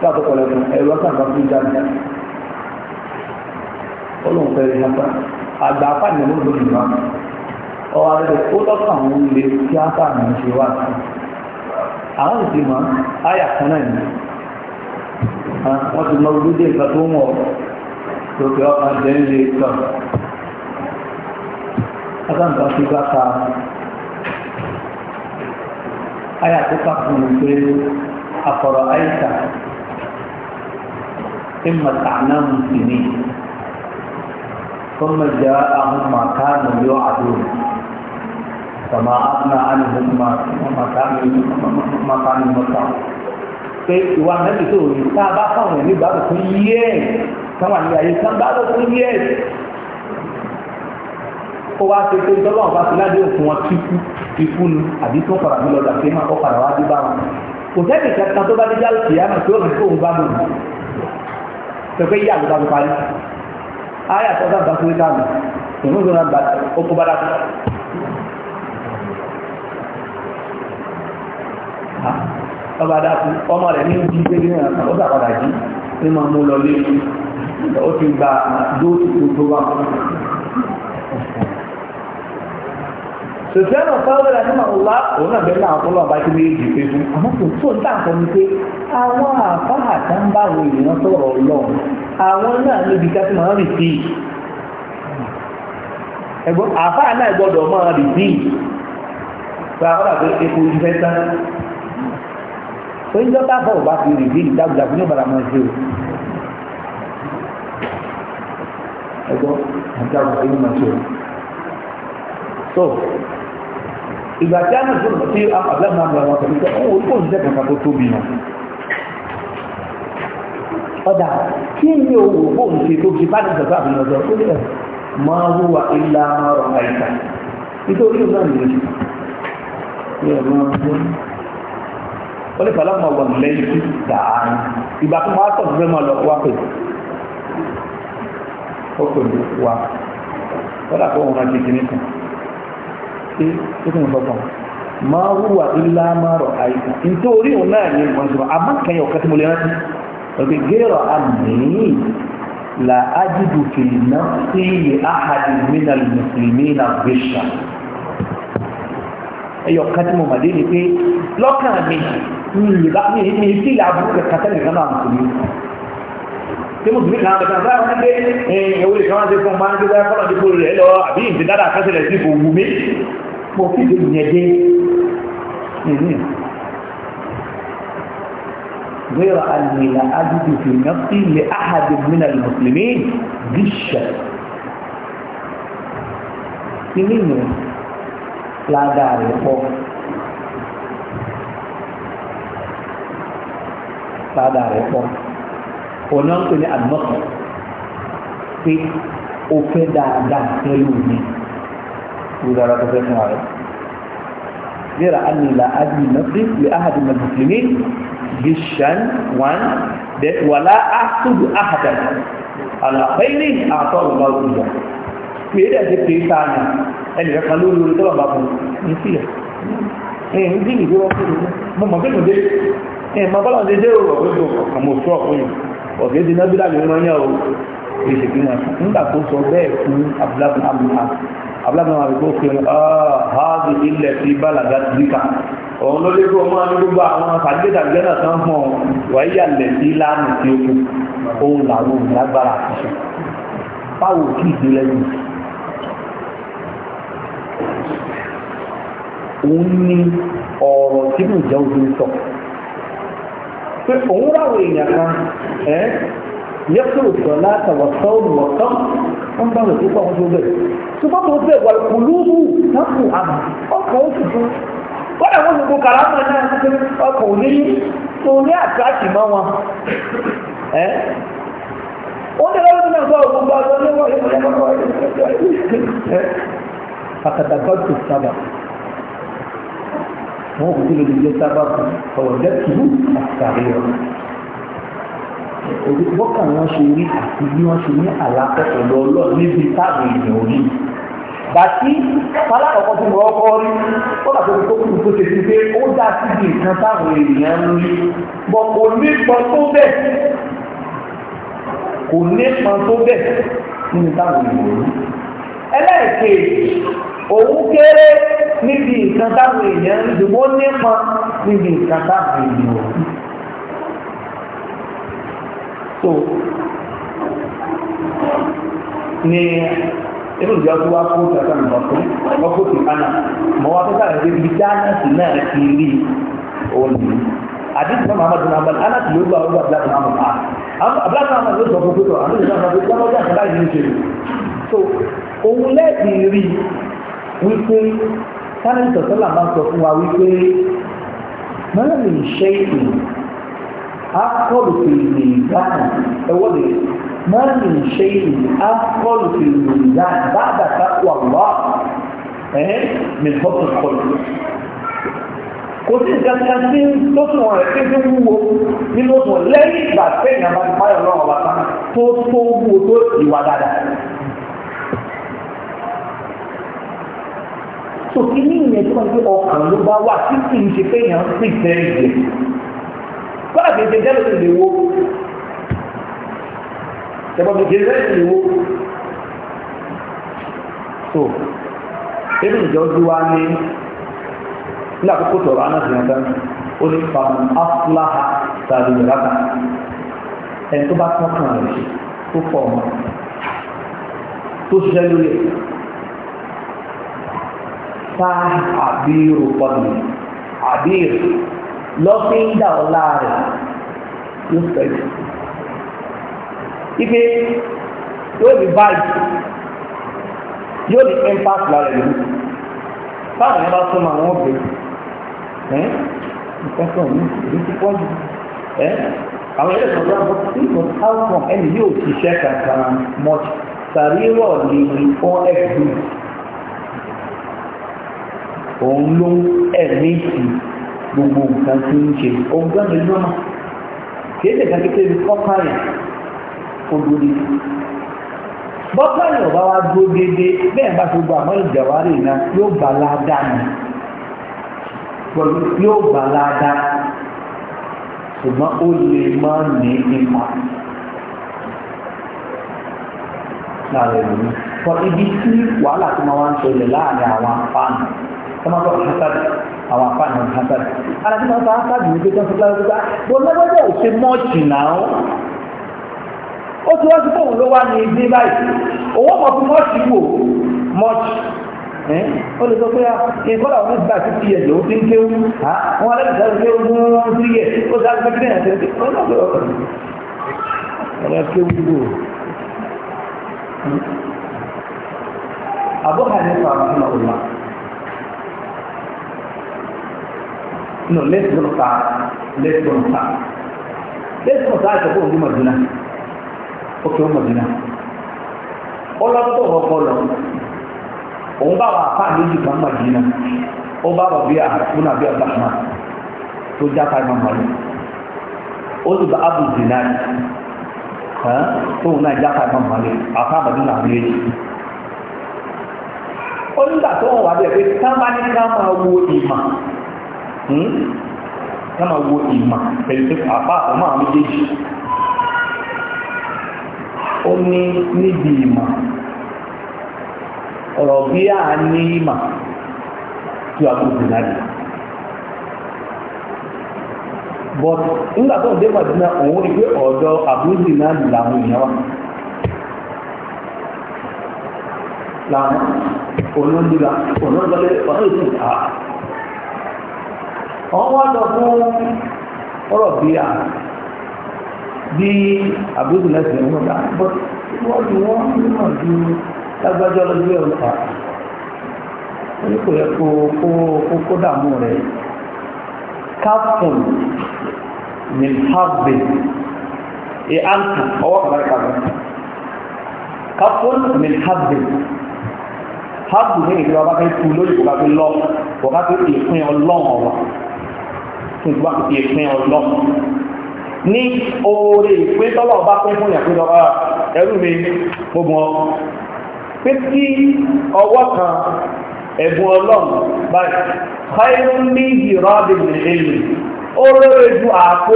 láti kọlẹ̀ lọ ẹ̀rọ sàgbà fún jáde ọlọ́run fẹ́ rí apá àgbà apá ìnáwó ló mìíràn ọwọ́ rẹ̀ ó lọ́kàn òun lè kí apá àmì ṣe wá àwọn ìsìn Ah, wọ́n ti mọ gbogbo nǹkan tó wọ̀ lókè ọkàn jẹ́ ń lè tọ̀ agbáǹkan fi bá ka ayà tó kà fún un pé àkọ̀rọ̀ àyíká إما تعناهم سنين ثم جاءهم ما كانوا يوعدون فما أغنى عنهم ما كانوا ما كانوا pé ìwà ànábì tó rí tá a bá fáwọn èèyàn nígbàgbọ́ fún yíẹ̀ táwọn àmì àyè kan bá lọ fún yíẹ̀ ó wá ṣe pé ìjọba ọba ti ládé òfin wọn kíkú ikú ni àbí tó fara mi lọ́dà pé máa kọ́ fara wá dé bá wọn kò sẹ́ni kankan tó bá dé jáde kìí àmì tó rìn fóun bá lòdì pẹ̀pẹ́ yíyá ló mi parí ayé àtọ́jà bá tó dá mi ìmú ìgbóná bá ó kó bá dá ọba dákú ọmọ rẹ̀ ní ìdí pé ní ọjà padà jí ní máa mú lọ lé ó ti gba dóòtù tó wà sòtẹ́nà fáwọn ẹ̀dínmọ̀ ọ̀la òun náà bẹ́ẹ̀ náà ọ̀pọ̀lọ́ ọba tí méjì pé fún àmọ́ kò tó ń tà nǹkan ni pé àwọn àfáà tá ń bá àwọn èèyàn sọ̀rọ̀ ọlọ́run àwọn náà níbi ká tí màá rì sí i àfáà náà gbọ́dọ̀ máa rì sí i gba epo ìfẹ́ tán tó ń jọ káfọ́ ò bá fi rì bí ìdábùdàbù ní ìbára máa ṣe so ìgbà tí a náà tó tí àbúlá máa ń oh, àwọn ọ̀sẹ̀ wípé ó tubi ń kini kankan tó tóbi náà ọ̀dà kí ni owó fóun ṣe tó fi bá nìjọba àbí ọjọ́ tó lẹ̀ máa wúwa ó ní fàlámà wà lẹ́yìn tí dàárín ìgbà tó máa tọ̀ fẹ́ máa lọ wá pè ó pè mí wá wọ́n dàpọ̀ òun rántí kìíní kan ṣé ó tún sọ fún máa wúwà ilá máa rọ̀ àìsàn nítorí òun náà ní ìwọ̀n ìṣòro àmọ́ kẹyìn ọ̀kẹ́ tí mo lè rántí ọ̀gbẹ́ gẹ́rọ̀ àmì la ajidu fi nafsi li ahadi min al-muslimina bishan ẹyọ kan tí mo màdé ni pé lọ́kàn mi ní ìyèbá ní ní sí ìlà àbúrò rẹ̀ kàtẹ́ nìkan náà mùsùlùmí tí mùsùlùmí kan bẹ̀rẹ̀ náà sáà wọ́n dé ẹ̀wọ́ lè kọ́nà sí fún máa ń gbé báyà kọ́nà dípò rẹ̀ lọ àbí ìdí dára kásìlẹ̀ sí kò wù mí mo fi ìdí ìyẹn dé غير أني لا أجد في نفسي لأحد من المسلمين غشا إني لا داري فوق sáadà rẹ̀ pọ̀ òun náà ń pè ní àdúmọ̀kì pé o fẹ́ dáadáa pẹ̀lú mi wúlò ara tó fẹ́ fún wa rẹ̀ yẹ́ra á nílà ájú nàfẹ́ lè áhàdì nà mùsùlùmí bí ṣàn wán dẹ̀ wàlá áṣùdù áhàdà àlàfẹ́lì àtọ́ ọ̀gá òkúta pé é dẹ̀ ṣe pé sáà kan lórí orí tó bàbá fún un ní sílẹ̀ ẹ̀yìn bí ìwé ọkọ̀ ìlú mọ́ mọ̀ pé mọ̀dé ẹ̀yìn mọ́ bọ́lá dédé ọ̀rọ̀ pẹ̀lú àmọ̀ òṣù ọkùnrin ọ̀gẹ́ dínà bí láàrin wọn yà ó èsì kí wọn nígbà tó sọ bẹ́ẹ̀ fún òun ah, ló lé ọmọ ní àwọn fàdíkà gẹ́nà tán fún ọ wáyà sí láàmù tí ó kù òun làwọn òun lágbára àtúnṣe báwo kí ìdílé òun ni ọ̀rọ̀ tí kò jẹ́ ojú sọ pé òun ráwọ̀ èèyàn kan ẹ́ yẹ́kùrù sọ láta wọ̀tọ́ wọ̀tọ́ wọ́n bá wọ̀ tó pọ̀ tó bẹ̀rẹ̀ ṣùgbọ́n mo bẹ̀ wà kùlùmù náàkù àmà ọkọ̀ oṣù fún wọ́n àwọn gbogbo kàrámà náà ṣe ọkọ̀ òní tó ní àtàkì mọ́ wọn ẹ́ ó ní lọ́wọ́ náà gbọ́ gbogbo ọdún ní wọ́n yẹ kọ́kọ́ ẹ̀ wọn kò sílẹ̀ ìdílé sábà kù ọ̀wọ̀ dẹ́kìlú àtàrí ọ̀ òbí bọ́kà wọn ṣe rí àti bí wọ́n ṣe ní àlàkọ̀tọ̀ lọ lọ níbi táàbù ìyẹn orí bàtí pálákọ̀ọ́kọ́ tí mo kọ́ rí bọ́kà tó tó kù tó ṣe ti pé ó dá síbi nǹkan táwọn èèyàn ń rí bọ́ kò ní pọn tó bẹ́ẹ̀ kò ní pọn tó bẹ́ẹ̀ nínú táwọn èèyàn rí ẹlẹ́ẹ̀kejì òun kéré níbi nǹkan táwọn èèyàn ń dùn ó nípa níbi nǹkan táwọn èèyàn ò so ni inú ìjọ tó wá fún ìjọba nǹkan fún ọkọ̀ tí kánà mọ̀ wá fẹ́ta rẹ̀ débi tí ánàtì náà ti rí òun nìyí àdìsí náà Muhammadu náà bá ánàtì ló gbà ó bí láti máa mọ̀ pa abúlé àwọn yóò sọ fún pé tó àwọn yóò sọ fún pé wọn lọ́jà àkàndá yìí ń ṣe so òun lẹ́ẹ̀dì rí wípé kánẹ́lì sọ̀tọ́là máa sọ fún wa wípé mẹ́rin ṣe ìpè akọlù fèrè ìdáhùn ẹwọ́lẹ̀ mẹ́rin ṣe ìpè akọlù fèrè ìdáhùn wà wá ẹ̀ẹ́ kò sí ìkankan sí lóṣùwọ̀n rẹ̀ tí ó wúwo ní lóṣùwọ̀n lẹ́yìn ìgbà sẹ́yìn àbájúmáyọ̀ náà ọba tán tó tó wúwo tó ìwà dáadáa. sòkè ní ìyẹn tó ń gbé ọkàn ló bá wà tí kì í ṣe pé èèyàn sì tẹ ìgbẹ́. kọ́lá kìí ṣe jẹ́lẹ̀ tó lè wo ṣẹ̀bọ̀n kìí ṣe jẹ́lẹ̀ tó lè wo. so ebi ìjọ ju wa ní ní àkókò tọ̀rọ̀ anáṣẹ́yàtà ó ní fàmù afúláhà tàbí ìrákà ẹni tó bá tọ́kàn rẹ̀ ṣe tó pọ̀ mọ́ tó ṣiṣẹ́ lórí ẹ̀ sáà àbírò pọ̀lì àbírò lọ́fíńdà ọ̀la rẹ̀ yóò fẹ́ẹ́ ipe yóò ní báyìí yóò ní impact lára ìlú báwọn yẹn bá súnmọ́ àwọn obìnrin nǹkan kan ní ìlú ti pọ́jù àwọn ilé ìtọ́jú àbọ̀ tí kò táwọn ẹni yóò ṣiṣẹ́ kankan much sàríwọ̀ lè ní fún ẹ̀gbù òun ló ń ẹ̀mí sí gbogbo nǹkan tí ń ṣe òun gbọ́dọ̀ ní ọmọ kìí ṣe kan kékeré kọ́pàrì odori bọ́pàrì ọ̀bá wa dúró déédéé bẹ́ẹ̀ bá gbogbo àmọ́ ìjàwárì náà yóò bá ládàá nù pẹ̀lú yóò gbà dáadáa ṣùgbọ́n ó lè má ní ipa lára ìlú mi. sọ ibi tí wàhálà tí wọ́n wá ń ṣẹlẹ̀ láàrin àwọn afáàní tọ́mọ́tò hasadi àwọn afáàní ọ̀hún hasadi. alájú máa ń fa hasadi ní pé tó ń fi kíláàsì gbá gbọ́dọ̀gbọ́dọ̀ ò ṣe mọ́ọ̀tì náà ó ti wá sí fóun ló wá ní ilé báyìí òwò mọ̀ fún mọ́ọ̀tì wò mọ́ọ̀tì. Eh? ó lè sọ pé ìkọ́lá òun gbà sí ti ẹ̀jọ̀ ó ti ń kéwú ah, wọn alẹ́ ìdájọ́ pé ó gún wọn sí yẹ ó sá pé kí lẹ́yìn àti ó lọ́gbẹ̀ ọ̀rọ̀ ọ̀rọ̀ kéwú gbò. Abu Hanifa rahimahullah no let's go to let's go to let's go to àtẹ̀kọ́ òun ní Madina ó kéwú Madina ọlọ́dún tó rọ̀ kọ́ lọ òun bá wà fáà méjì kan màdínà ó bá wà bí i àfúnà bí ọ̀dàmà tó já táìmà màlú ó sì bá abu zinari tóun náà já táìmà màlú àfáàbàdún náà bí èjì ó nígbà tó wà bẹ́ẹ̀ pé sábà kama ká máa wo ìmà hmm? ká wo rọ̀bíà ní ìmà tí a kò dìnnà dì but nígbà tó ń dé màdínà òun ni pé ọ̀dọ̀ àbúrúdì náà lù làwọn èèyàn wà làwọn olóńdìlà olóńdìlà ọ̀nà ìsìn ìta wọ́n wá lọ fún rọ̀bíà bí àbúrúdì náà sì ń wọ́n dá but wọ́n ti wọ́n ń mọ̀ ju lágbájọ́ lọ́jọ́ ẹ̀rọ pa wọ́n kò yẹ kó kó kó dààmú rẹ̀ káfùn ní hábì ẹ àǹtà ọwọ́ kàbáyé kàbáyé káfùn ní hábì hábì ní ìgbà bá fẹ́ kú lórí kò bá fi lọ kò bá fi ìpín ọlọ́run ọ̀wà fún ìgbà fi ìpín ọlọ́run ní oore ìpín tọ́lọ̀ bá pín fún ìyàpín ah, ẹrú mi mo pé kí ọwọ́ kan ẹ̀bùn ọlọ́run báyìí káyọ̀ ní ìrọ́bì nìṣẹ́lẹ̀ ó lóore ju àpò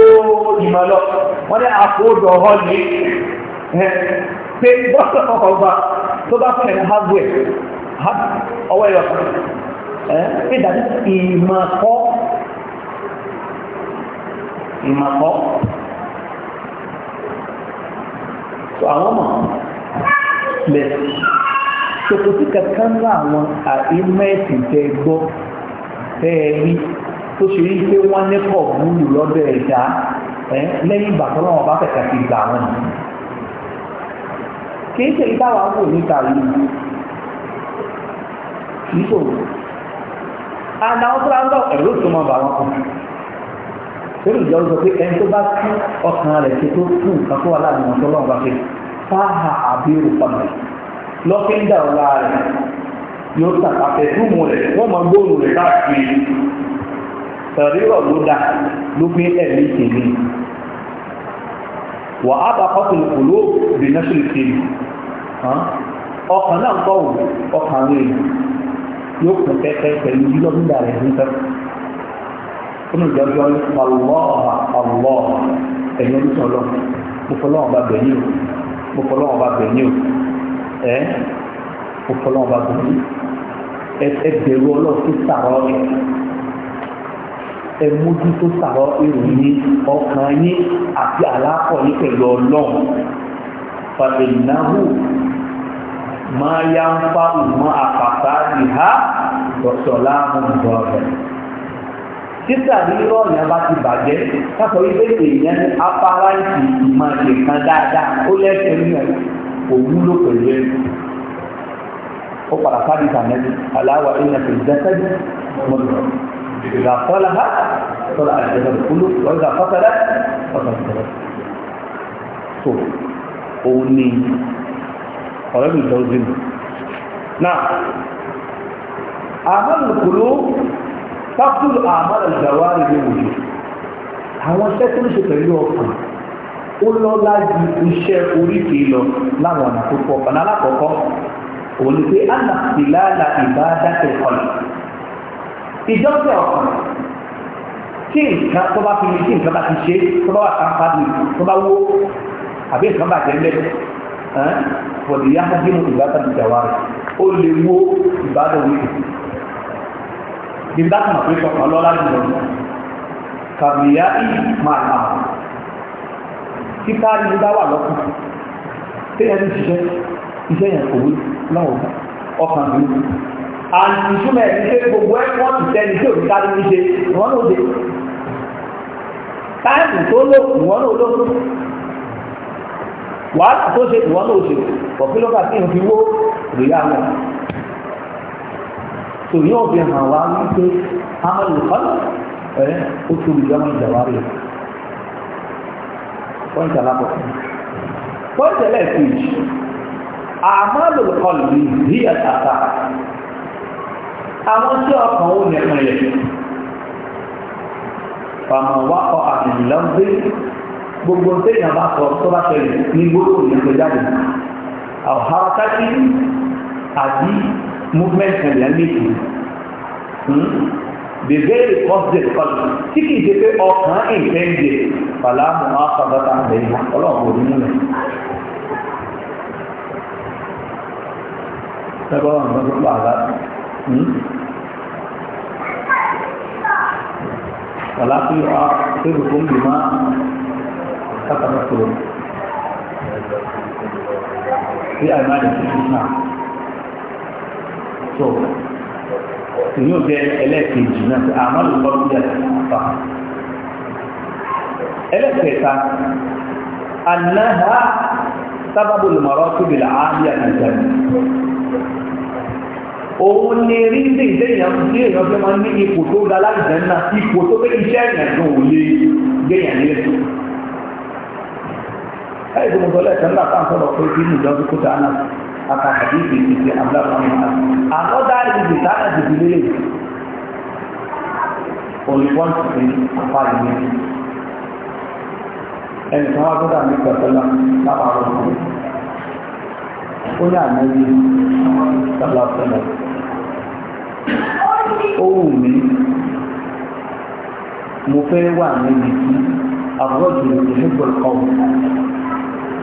ìmọ̀lọ́ wọ́n ní àpò dọ̀họ́ ní pé bọ́sọ̀ ọba tó bá fẹ́ hágbé ọwọ́ ẹ̀yọ̀ kan pé dàbí ìmọ̀kọ́ ìmọ̀kọ́ tó àwọn ọmọ bẹ̀rẹ̀ ṣòkòtì kankan ní àwọn àìmẹ́ẹ̀sì tẹ gbọ́ tẹ ẹ rí tó ṣe rí pé wọ́n ní kọ̀ búlù lọ́dọ̀ ẹ̀dá lẹ́yìn ìgbà tó lọ́wọ́ bá kẹ̀kẹ́ ti gbà wọn. kì í ṣe ìdáwà wò níta yìí kì í ṣòro àdá wọn tó bá ń lọ ẹ̀rọ tó máa bà wọn kù torí ìjọ sọ pé ẹni tó bá kú ọkàn rẹ̀ ṣe tó kú nǹkan wà láàrin wọn tó bá ṣe fáhà àbí òrùka mọ̀ lọ́kẹ́ńdà ọ̀la rẹ̀ yóò tàn àfẹ́sùnmù rẹ̀ wọ́n máa gbóòrò rẹ̀ káàkiri ẹ̀rírọ̀ ló dà ló gbé ẹ̀mí tèmi wà á bá kọ́tù òló bí nẹ́sùn tèmi ọkàn náà kọ́ wò ọkàn rẹ̀ yóò kún kẹ́kẹ́ pẹ̀lú yíyọ́ nígbà rẹ̀ níta kúnnù jọjọ ọlọ́ọ̀ha ọlọ́ọ̀ha ẹ̀yẹ́ ń sọ̀rọ̀ mo fọlọ́ọ̀ bá bẹ̀ o mo fọlọ́ọ̀ bá bẹ̀ o ẹ́ ọ̀pọ̀lọpọ̀ bá tóbi ẹgbẹ̀rún ọlọ́run tó sàrọ̀ ẹ̀ ẹ mójú tó sàrọ̀ ìròyìn ọkàn yín àti àlákọ̀ yín pẹ̀lú ọlọ́run fàbẹ̀yìnáhù máa yá ń fa ìmọ̀ àpàtà ìhá ìdọ̀sọ̀lá ọ̀dọ̀ rẹ̀ títà nílò ọ̀yàn bá ti bàjẹ́ ni ilé ìyẹn apá láìsí ìmọ̀ ìkan dáadáa ó lẹ́sẹ̀ nínú ẹ̀ òwúlò pẹ̀lú ẹ̀ ó padà sáàdì tànẹ́bí aláwà ìyẹn fi dẹ́sẹ́dì mọ́tò ìgbà tọ́lá ha tọ́lá àjẹsẹ̀ kúló lọ́jà fọ́tẹ́lẹ́ fọ́tẹ́lẹ́ tó òun ni ọ̀rẹ́ mi ìjọ òjì náà àmàlù kúló tábùlù àmàlù ìjàwárí ní òjì àwọn iṣẹ́ ṣe pẹ̀lú ọkàn ó lọ́lá ju iṣẹ́ oríkèé lọ láwọn ọ̀nà tó pọ̀ ọ̀nà alákọ̀ọ́kọ́ òun ni pé anàfìlàlà ìbádákẹ́ ọ̀nà ìjọ́sẹ̀ ọ̀kan tí nǹkan tó bá fi ní tí nǹkan bá ti ṣe tó bá wà kápá ní tó bá wó àbí nǹkan bàjẹ́ mẹ́rin bọ̀dì yá ká dínú ìbátan ìjàwá rẹ̀ ó lè wó ìbátan wíwò bí bá kàn pé sọ̀kan lọ́lá jùlọ kàbíyá ìmáàmù tí káàrí ló bá wà lọ́kùn tí ẹni ṣiṣẹ́ iṣẹ́ yẹn kò wí láwọn ọkàn mi and ìṣúmọ̀ ẹ̀mí ṣe gbogbo ẹ̀kọ́ ti tẹni tí òbí káàrí ṣe wọ́n ló dé táìmù tó lò wọ́n ló lò wàhálà tó ṣe wọ́n ló ṣe ọ̀fílọ́kà tí n fi wó rèé àwọn tòun yóò fi hàn wá wípé amọ̀lùkọ́lù ẹ̀ ó tóbi lọ́mọ ìjàwárí rẹ̀ pọ́ǹtì alákọ̀ọ́kọ́ pọ́ǹtì ẹlẹ́ẹ̀kejì àmàlò kọlù bí ẹ̀tàtà àwọn tí ọkàn ó nìkan yẹ fàmà wákọ̀ àdìlọ́gbé gbogbo téèyàn bá sọ tó bá tẹ̀lé ní gbogbo ìlú jáde àwòhárakájí àbí múfẹ́ǹtì ẹ̀lẹ́mìtì bẹ̀rẹ̀ kọ́sẹ̀ kọ́sẹ̀ tí kìí ṣe pé ọkàn ìfẹ́ǹdè fàlámù àfàbàtà àbẹ̀yìn ọlọ́run òní múlẹ̀. Ṣẹ́gbọ́n ọ̀nà tó pa àlá. Wàlá hmm? tí ó ṣe rùkú ń bì máa kàkàtà sọ̀rọ̀. Ṣé àìmáyé ti fi náà? Sọ̀rọ̀ èyí ò jẹ́ ẹlẹ́ẹ̀kejì náà àmọ́ lọ́pọ̀ sí àtìfà ẹlẹ́ẹ̀kẹta anáhà sábàbù lùmọ̀rọ́ síbi làálí àtìjẹ́mi òun ni rí sí ìdẹ́yàn tí èèyàn fẹ́ máa ní ipò tó ga láìjẹ́ náà ipò tó fẹ́ iṣẹ́ ìrìn àjò ò lè gbéyàn nílẹ̀ mọ̀tọ́lẹ̀ tẹ́lá táà pé kí ní ìjọ́ aka hadithi kiti abdallah bin abbas another reason that is the delay only one thing apart from me ẹni tí wọ́n gbọ́dọ̀ ní pẹ̀lú lápá àwọn ọmọ ó ní àmọ́lé sábà fẹ́lẹ̀ ó wù mí mo fẹ́ wà níbi tí àbúrò jùlọ ìlú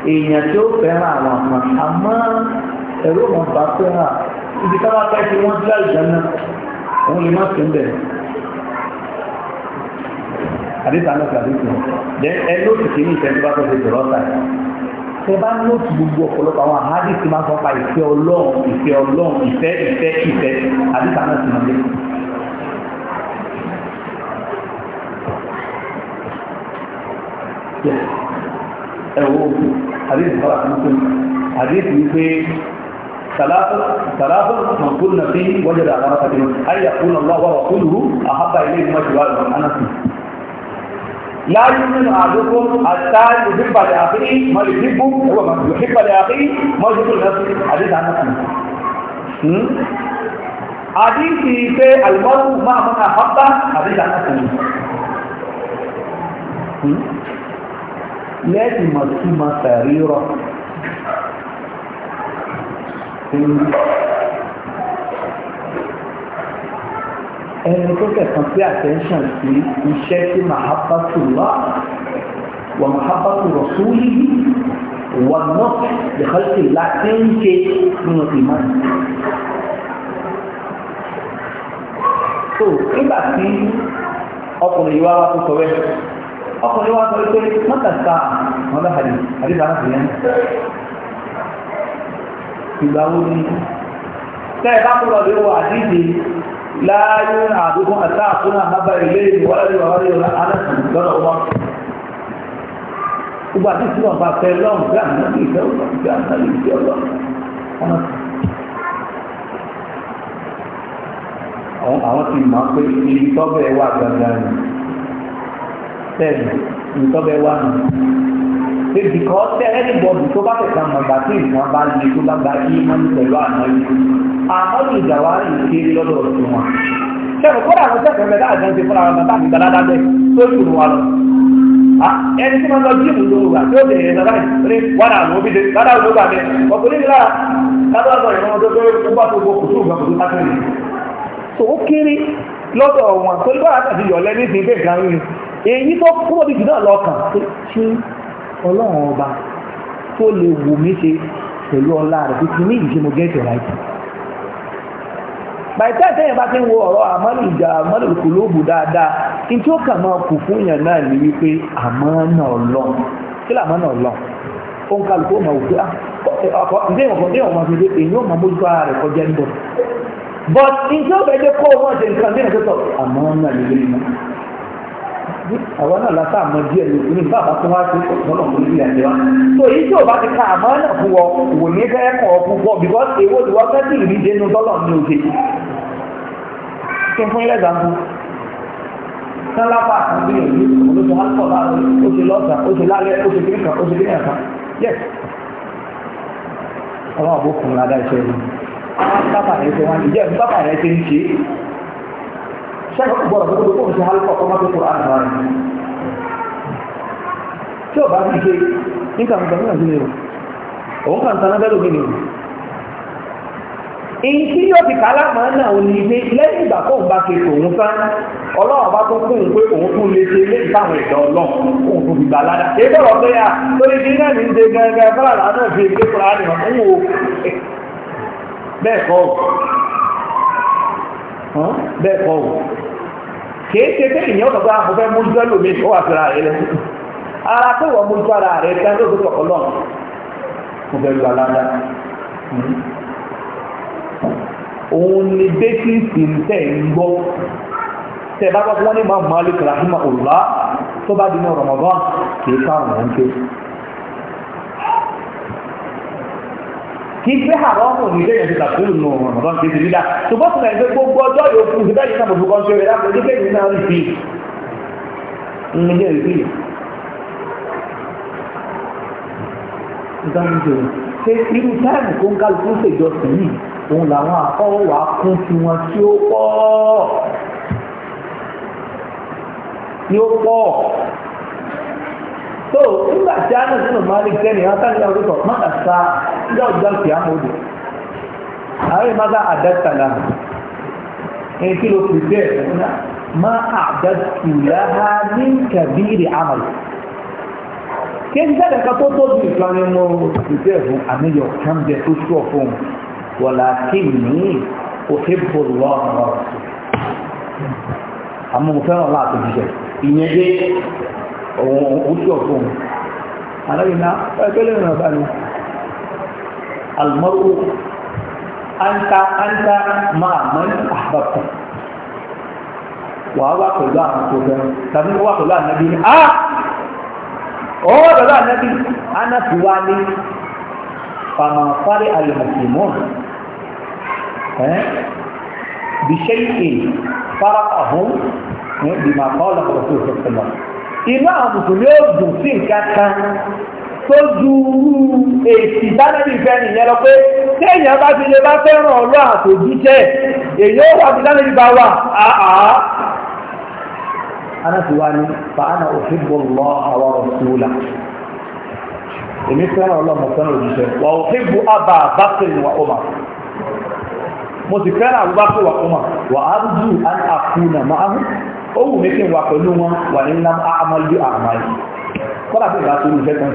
èèyàn tí ó fẹ́ràn àwọn kan àmọ́ ẹ̀rọ wọn bá fẹ́ràn ibi káwá pẹ́ tí wọ́n dúró àìsàn náà òun lè má sí ń bẹ̀rẹ̀ àdéhùn àlọ́ àdéhùn then ẹ lóòtù kí ní ìfẹ́ tó bá fẹ́ fi jọ̀rọ̀ ọ̀tà ń fọ́pa ìfẹ́ ọlọ́run ìfẹ́ ọlọ́run hadith bá tuntun hadith wípé ثلاثة من كل فيه وجد على رفته أن يقول الله ورسوله أحب إليه ما سواه أنا أنس لا يؤمن أحدكم حتى يحب لأخيه ما يحب هو ما يحب لأخيه ما يحب لنفسه حديث عن أنس àdíìsì pé ما من أحبه àpapá àdíjà náà lẹ́ẹ̀tì mọ̀ sí ma sàrí rọ̀ ẹni tó kẹ̀kan pé attention sí iṣẹ́ tí mahabbatullah wa mahabbatu rasulihi wa náà ìkọ́sí láti ń ṣe nínú ìmọ̀ so nígbà tí ọkùnrin yìí wá tó sọ bẹ́ẹ̀ ọkùnrin wa sọ pé wọ́n tẹ̀sà wọn bẹ́ hàdì hàdì dáná sí yẹn. ìgbà wo ni tẹ́ ẹ bá kúrò lé wọ àdídì láàyè àdúgbò àti àtúnà àbá ilé ìwà ìwà ìwà alẹ́sìn lọ́dọ̀ wọn. gbogbo àti tí wọn bá fẹ́ lọ́rùn bí àná lè fẹ́ àwọn ti mọ̀ pé ibi wà gbàgbà ni sẹ́yìn ìtọ́bẹ̀ wà nù. Bébì kọ́ tẹ ẹ́nìbọ̀dù tó bá tẹ̀sán mọ̀gbà tí ìsìn bá lè tó bá gba yí mọ́ni pẹ̀lú àná yìí. Àmọ́dù ìjàwá yìí kéré lọ́dọ̀ ọ̀sùn wọn. Ṣẹ́gun kó dàgbọ́ sẹ́kọ̀ọ́ mẹ́ta àjọ ti fúnra wọn bàbá àgbàlá dábẹ́ tó sùn wọn lọ. Ẹni tí wọ́n lọ jí ìmùlò wà tí ó lè rìn lọ́dọ̀ rẹ̀ wọ́n àwọn òbí de lọ́dọ̀ òbí bàbẹ́. Ọkùnrin lára lọ́dọ̀ ọ̀dọ̀ ìrìn ọdọ́ tó bá tó gbọ́ kùsùn gbọ́ kùsùn tákìrì. Tó kéré lọ́dọ̀ wọn tó lọ́dọ̀ àtàdé yọ̀lẹ́ ní ìdílé gan-an èyí tó kúrò bí jùlọ lọ́kàn ṣe ọlọ́run ọba tó lè wù mí ṣe pẹ̀lú ọlá rẹ̀ tó ti ní ìṣe mo gẹ́ ìṣẹ̀lá ìtì bàtà sẹ́yìn bá ti ń wo ọ̀rọ̀ àmọ́lù ìjà àmọ́lù dáadáa kí tí ó máa kù fún náà ní wípé àmọ́ náà lọ kí làmọ́ náà lọ ó ń kálukú ó máa wù ah, but ǹjẹ́ ó bẹ̀ẹ́ kó o ṣe nǹkan àwọn náà lásà mọ díẹ̀ ní òkú ní bàbá tó wá sí ọ̀nà òkú nílẹ̀ ẹ̀jẹ̀ wa so èyí tí o bá ti ka àmọ́ náà fún ọ wò ní fẹ́ kàn ọ́ fún bọ́ because èwo ni wọ́n fẹ́ sì rí dénú tọ́lọ̀ ní òkè kí fún ilé ìgbàgbọ́ sálábà àti ìlú olóṣù alùpùpù láàrin oṣù lọ́sàn oṣù lálẹ́ oṣù kìnnìkan oṣù kìnnìkan yes ọlọ́run àbókùnrin adá iṣẹ́ yìí àwọn sábà rẹ̀ ṣe wá ní sẹ́kọ̀ gbọ́dọ̀ tó gbogbo fún ìṣẹ́hálù kọ̀ kọ́mọ́tò kúrò àdìmáà rẹ̀ tí ó bá ti ṣe nígbà gbogbo ní àdúgbò rẹ̀ òun kàn tán lábẹ́ lómi nìyẹn èyí tí yóò fi kàálà máa ń náà ní ilé lẹ́yìn ìgbà tó ń bá ṣe tòun tán ọlọ́run bá tó kún un pé òun tún lè ṣe ilé ìtàwọn ẹ̀dọ́ ọlọ́run òun tún fi gbà ládà èyí bọ̀rọ̀ pé à lórí ti náà ní ṣe gangan fúlàlà náà fi gbé kúrò àdìmáà ń wò bẹ́ẹ̀ kọ́ bẹ́ẹ̀ kọ́ ò kéèké pé ìyẹn ọ̀nà bá ah, mo fẹ́ mú jọ́ lómi ó wà síra rẹ lẹ́sìn ara pé wọ́n mú jọ́ ara rẹ tán ló gbọ́dọ̀ kọ́ lọ́nà mo fẹ́ lu aláda òun ni bẹ́tí sì ń gbọ́ tẹ̀ bá gbọ́ fún wọn ní Imam Malik rahimahullah tó bá di ní Ramadan kì í ká àwọn ọ̀hún ké kì í àrọ́mù ní ilé ìrìnàjò tàbílù nù ọ̀rọ̀ ti ti dá ṣùgbọ́n tún ẹgbẹ́ gbogbo ọjọ́ yóò fún ìdíbẹ́ yìí náà mo ṣe rẹ̀ láti ojú pé ìrìnà rí fi ní ilé rí fi ìdánjò ṣe irú táìmù tó ń ká lóko ṣèjọ sí òun làwọn akọ́wà kún tí tí ó pọ̀ tí ó pọ̀ So, nígbà tí a náà sínú malik tẹ́lẹ̀ wọn sáré ọdún kan má kàtà ìjọ ìjọ kì á mọ̀ òdì àwọn ìmọ̀ta àdẹ́tàlá ẹni kí ló fi bẹ́ẹ̀ fún ma àdẹ́tùláha ní kàbírì àmàlù kí n sẹ́lẹ̀ kan tó tóbi ìfúnni mọ́ ìfẹ́ fún àníyàn kan jẹ tó sọ fún wọ̀lá kí ní òhìbò lọ́rọ̀ àmọ́ mo fẹ́ràn láti jíjẹ ìyẹn dé òun òwúṣọ̀ fún alábìnà ẹgbẹ́lẹ̀ ìrìnà bá ní almaru anta anta máa mọ́ ní àbàkù wàá wà pẹ̀lú àwọn tó fẹ́ tàbí wà pẹ̀lú ànábì ní a ah! ó wà pẹ̀lú ànábì anásì wá ní fàmàfárí alìmọ̀sìmọ́ ẹ́ bìṣẹ́ ìkè fara àhún ní bìmàkọ́ lọ́pọ̀ tó fẹ́ inú àwọn mùsùlùmí yóò dùn sí nǹkan kan tó ju èsì dánẹ́bí fẹ́ nìyẹn lọ pé tí èèyàn bá ti lè bá fẹ́ràn ọ̀rọ̀ àtòjíṣẹ́ èyí ó wà bí dánẹ́bí bá wà àá. anáti wá ní fàánà òfin bò lọ àwọn ọ̀rọ̀ èmi fẹ́ràn ọlọ́mọ fẹ́ràn òjíṣẹ́ wà òfin bò àbá bákìrì wà ọmọ mo sì fẹ́ràn àbúbákìrì wà ọmọ wà á rújú àkúnà máa ó wù mí kí n wà pẹ̀lú wọn wà ní ńlá àmàlú àmàlú kọ́nà pé ìgbà tó ní ìfẹ́ kan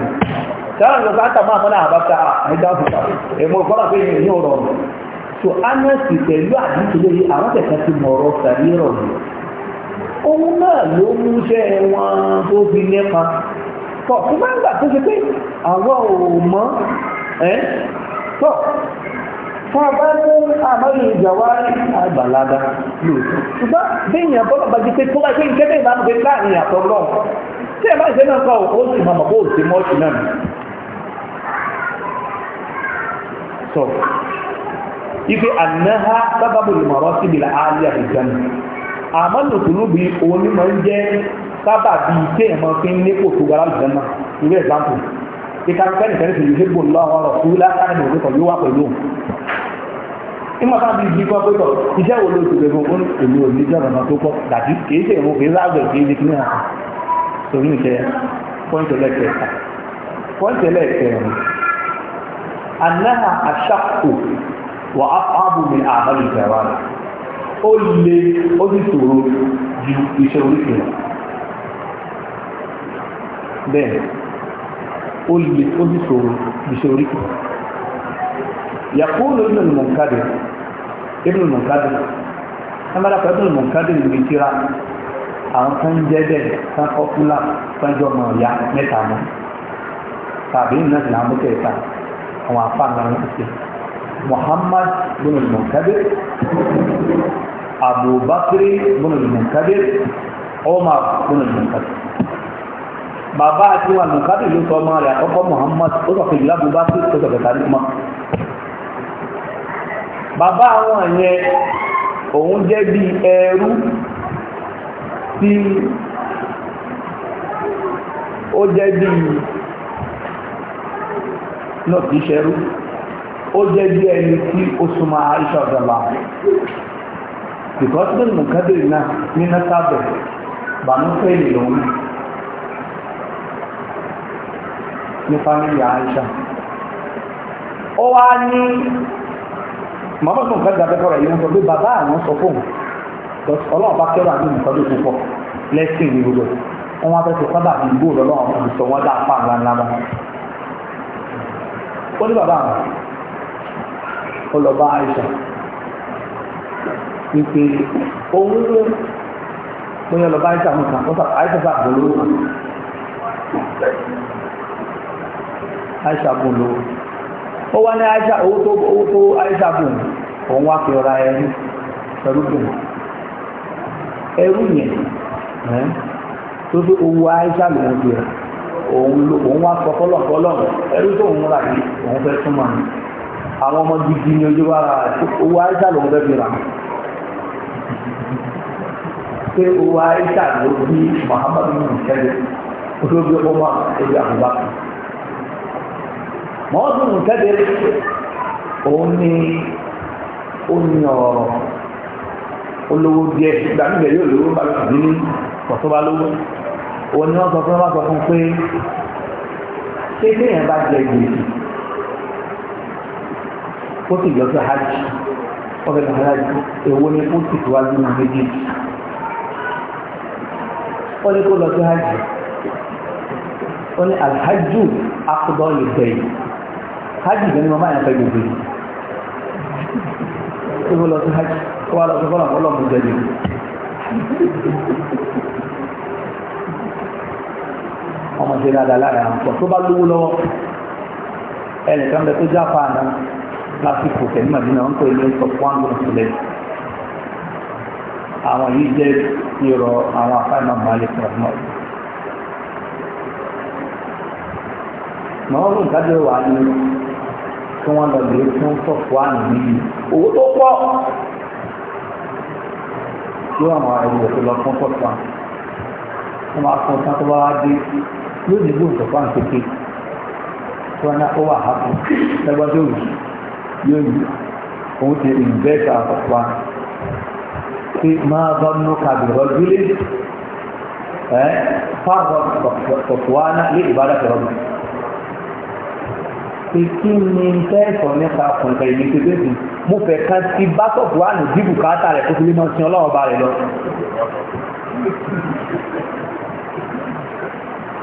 sára ìjọba àtàmà àmàlà àbáta àìdá òkúta èmò kọ́nà pé ìyẹn ní ọ̀rọ̀ so anẹ́sì pẹ̀lú àdínkù lórí àwọn kẹ̀kẹ́ ti mọ̀rọ̀ sàrí rọ̀ rẹ̀ òun náà ló mú iṣẹ́ wọn tó fi nípa tọ̀ tó máa ń gbà tó ṣe pé àwọn ò mọ́ fún ọba ní àmọ́lù ìjàwárí àgbàlagbà lóòótọ́ ṣùgbọ́n bí ìyàn bọ́lọ̀ bá di pé tó bá ṣe ń kẹ́tẹ́ ìbámu pé láàrin ìyàtọ̀ lọ tí ẹ bá ṣe náà kọ ó sì máa mọ̀ bó ṣe mọ́ ṣì náà sọ ife ànáhà sábàbù ìmọ̀ràn síbi là áálí àbìjánu àmọ́lù tùlùbí onímọ̀ ń jẹ́ sábàbí téèmọ̀ fi ń nípò tó gara àbìjánu ìwé example kíkà fẹ́ni fẹ́ni fìlú hébù lọ́wọ́ rọ̀ fún lásán ní òkútọ̀ yóò wá pẹ̀lú òun. ìmọ̀ sáà bíi bíi kọ́pẹ́ tọ̀ iṣẹ́ wo ló ti gbẹ̀gbẹ̀ fún èmi ò ní jọ̀rọ̀ náà tó kọ́ dàbí kìí ṣe èmo kìí láàgbẹ̀ kìí di kíní àná. torí ìṣe pọ́ǹtì ẹlẹ́kẹ̀ẹ́ta pọ́ǹtì ẹlẹ́kẹ̀ẹ́rin anáhà aṣáko wà á fáàbù mi àbálù ìjàrá rẹ̀ ó le ó sì ṣòro ju iṣẹ́ oríṣi lọ. bẹ́ẹ̀ ó lè ó sì ṣòro ìṣe orí kù yàkúrò ibn al-munkadir ibn al-munkadir sábàdà pẹ̀lú ibn al-munkadir níbi kíra àwọn tó ń jẹ́ bẹ́ẹ̀ tán ọ́fúnlá tán jọ mọ̀ ọ̀yá mẹ́ta mọ́ tàbí náà sì láwọn mọ́tẹ̀ẹ̀ta àwọn afá náà ń ṣe muhammad ibn al-munkadir abubakar ibn al-munkadir omar ibn al-munkadir bàbá àti wọn àlùkádì ló sọ ọmọ rẹ̀ àkọ́kọ́ Muhammad ó sọ pé ìlàbù bá sí ó sọ pé tàbí mọ́ bàbá àwọn yẹn òun jẹ́ bí ẹrú tí ó jẹ́ bí náà kìí ṣẹrú ó jẹ́ bí ẹni tí ó súnmọ́ Aisha ọ̀dọ̀lá because nínú kádìrì náà ní náà sábẹ̀ bàmú fẹ́ẹ̀lì ní fámílì Àìṣà ó wá ní mọ́mọ́sùn fẹ́ gbàgbẹ́kọ̀ rẹ̀ yóò sọ pé bàbá àwọn sọ fóun ọlọ́ọ̀bá kẹ́rọ àbí nǹkan ló púpọ̀ lẹ́sìn ní gbogbo wọn wá fẹ́ẹ́ sábà bí gbó lọ́wọ́ àwọn olùsọ wọn dá apá ńlá ńlá wọn. ó ní bàbá àwọn ọlọ́ba ló bóyá ọlọ́ba Àìṣà nìkan ó sà Àìṣà gbòòrò aisha kùn lò ó wá ní aisha owó tó owó tó aisha kùn òun wá fi ra ẹrú ẹrú kùn ẹrú yẹn tó fi owó aisha lòun fi rà òun ló òun wá sọ fọlọ́fọlọ́ ẹrú tó ń rà yìí òun fẹ́ súnmọ́ ni àwọn ọmọ gidi ni ojú wa owó àìsà lòun fẹ́ fi rà pé owó àìsà ló bí Muhammadu nù sẹ́lẹ̀ olóbi ọmọ ẹgbẹ́ àbúbá mọ́ọ́dún mùtẹ́dẹ̀ òun ni ó ní ọ̀rọ̀ olówó díẹ̀ ìgbà níbẹ̀ yóò lówó bá ti ní pọ̀tọ́bá lówó òun ni wọ́n sọ fún wọn sọ fún pé ṣé kéèyàn bá jẹ gbèsè ó sì yọ sí hajj wọ́n fẹ́ẹ́ hajj èwo ni ó sì tiwájú ní méjèèjì ó ní kó lọ sí hajj ó ní alhajj akudọ́ lè bẹ̀yìn hajj ní màmá yẹn fẹ́ gbogbo yìí tó bó lọ sí hajj ó wà lọ sí fọlọ́n fọlọ́n fún jẹjẹ. ọmọ ṣe dáadáa lára àwọn pọ̀ tó bá lówó lọ́wọ́ ẹnìkan bẹ tó jáfa àná lásìkò pẹ̀lú màdínà wọn pè ní ọ̀pọ̀ àwọn àwọn yìí jẹ́ ìrọ̀ àwọn afáìmọ̀ balẹ̀ fún ọ̀dùnmọ̀ màwọn wà á nínú kí wọ́n lọ lè fún sọ̀fọ́ àmì yìí owó tó pọ̀ yóò àwọn ẹ̀rù rẹ̀ tó lọ fún sọ̀fọ́ àmì wọ́n máa fún ọ̀sán tó bá wá dé yóò ní gbóhùn sọ̀fọ́ àmì kéke tí wọ́n ná ó wà hápù lẹ́gbọ́n tó yóò yí òun ti ìnvẹ́tà sọ̀fọ́ àmì pé máa bá mú kàbìrọ̀ dúlé ẹ́ fáwọn sọ̀fọ́ àmì lè ìbádà tẹ̀rọ̀ bìí pé kí ni fẹ́ẹ̀sọ̀ nípa kọ̀ǹtẹ̀ ìní tó débi mo fẹ́ kan ti bákọ̀pù wà ní bíbù káàtà rẹ̀ tó fi lé mọ́ sí ọlọ́run ba rẹ̀ lọ.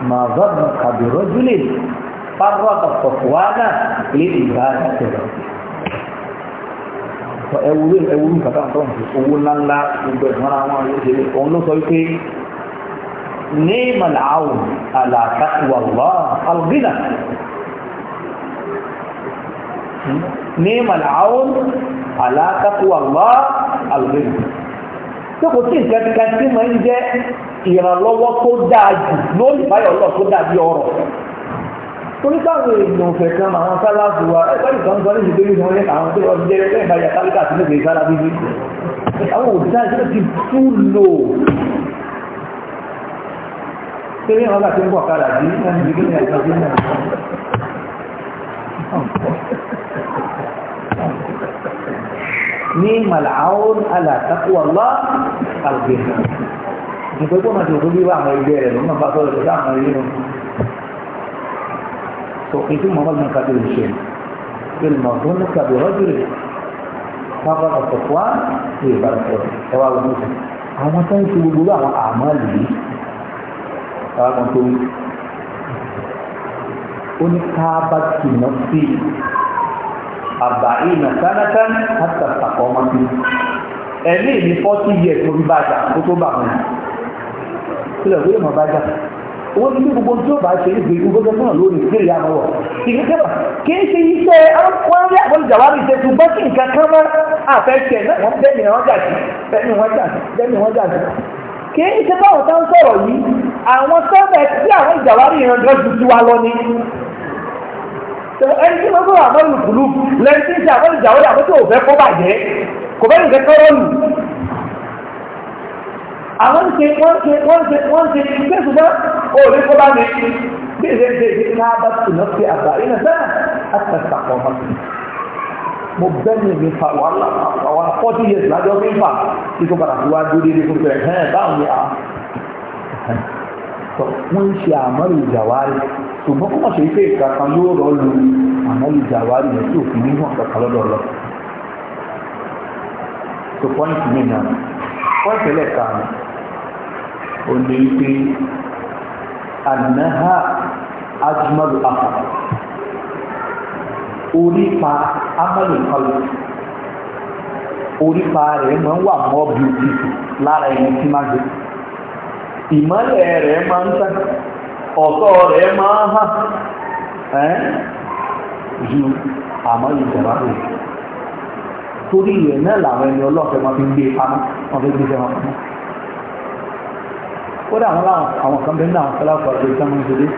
màzọ́dún kàbírọ́ júlẹ̀ fárọ́ àtọ̀pọ̀ wà náà lé ìgbà ìṣẹ̀lẹ̀ ẹwúrú ẹwúrú nǹkan táwọn tọ́wọ́n fi owó ńláńlá gbogbo ẹ̀gbọ́n àwọn ìṣẹ̀lẹ̀ òun ló sọ wípé ní màláwù àlàkàtúwàlọ́ àlùbínà ni'mal aun ala taqwallah àlùbẹ́rù tó kò sí nǹkan kan tí máa ń jẹ́ ìrànlọ́wọ́ tó dáa jù lórí báyọ̀ ọlọ́ tó dàbí ọ̀rọ̀ torí káwọn èèyàn fẹ̀ kan àwọn sáláàbù wa ẹgbẹ́rù kan sọ níbi tó yíyan lẹ́ka àwọn tó wọ́n jẹ́ ẹgbẹ́ ìbáyà kálíkà sí lóde ìsára bíbí àwọn òṣìṣẹ́ àti ti tú lò ṣé ní àwọn àti ń bọ̀ kára bí wọ́n ti gbé ní àìsàn ni malaun ala taqwa Allah al-birr nígbà tó máa ti òkú bíbá àwọn ẹgbẹ́ rẹ̀ lọ́nà bá sọ̀rọ̀ sọ̀rọ̀ àwọn ẹgbẹ́ rẹ̀ tó kí tí Muhammad bin Kabir ṣe ilmọ̀ tó ní Kabir rọ́jùrì pápá ọ̀pọ̀pọ̀ ní ìbáraẹ̀sọ̀rọ̀ ẹwà wọn ní àwọn tó ń ti gbogbo àwọn ó ní káàbà tì mọ́ sí àbá ìnà sánátán àti àpapọ̀ ọmọ sí ẹ̀mí ní fọ́tí yẹ tó fi bàjá kó tó bà mọ́ sílẹ̀ wíyẹ̀ mọ́ bàjá owó tí gbogbo tí ó bá ṣe ìgbè gbogbo fún ọ lónìí kí ìyá àmọ́wọ̀ ìgbésẹ̀bà kì í ṣe iṣẹ́ wọn rí àwọn ìjàwárí ṣe ṣùgbọ́n kí nǹkan kan mọ́ àfẹ́ṣẹ́ náà wọ́n bẹ́ẹ̀ ni wọ́n jà sí bẹ́ẹ̀ ni wọ́n jà sí bẹ́ẹ̀ ni wọ́n jà sí kì í ṣe báwọn tá ń sọ̀rọ̀ yìí àwọn sẹ́fẹ̀ẹ́ tí àwọn ìjàwárí yẹn lọ́jú sí lọ ni ẹni tí wọ́n bọ̀ àmọ́lù kùlù lẹ́ni tí ń ṣe àmọ́lù jàwọ́dà àmọ́ tí ò fẹ́ kọ́ bàjẹ́ kò bẹ́ẹ̀ nìkan kọ́rọ́ lù àwọn ṣe wọ́n ṣe wọ́n ṣe wọ́n ṣe ṣe ṣùgbọ́n ó lè kọ́ bá mi bí ṣe ṣe ṣe ní abá tì lọ sí àgbà iná bẹ́ẹ̀ àtẹ̀sà pọ̀ mọ́ mo bẹ́ẹ̀ ni mi fa wàhálà àwọn forty years lájọ́ mi fà kí tó padà fi wá dúró déédéé fún bẹ́ẹ̀ báwo ni à (laughs) wọ́n ń ṣe àmọ́lù jàwárí ṣùgbọ́n kó mọ̀ ṣe pé ìka kan yóò rọ lu àmọ́ ìjà wa rẹ̀ tí òfin ní kankan lọ́dọ̀ lọ. so pọ́ǹtì mi nà pọ́ǹtì ẹlẹ́ka ò ní pé ànáhà ajumalu afa orípa amalu kalu orípa rẹ̀ máa ń wà mọ́ bíi lára ẹni tí máa gbé ìmọ̀lẹ̀ rẹ̀ máa ń tán ọ̀tọ́ rẹ̀ máa hàn ẹ́ ju àmọ́ ìjọba rẹ̀ torí rẹ̀ náà làwọn ẹni ọlọ́ọ̀fẹ́ wọn fi ń gbé pamọ́ wọn fi gbé pamọ́ kódà àwọn àwọn kan bẹ́ẹ̀ náà fẹ́láfọ́ àti ìsámọ́ ìṣẹ́lẹ̀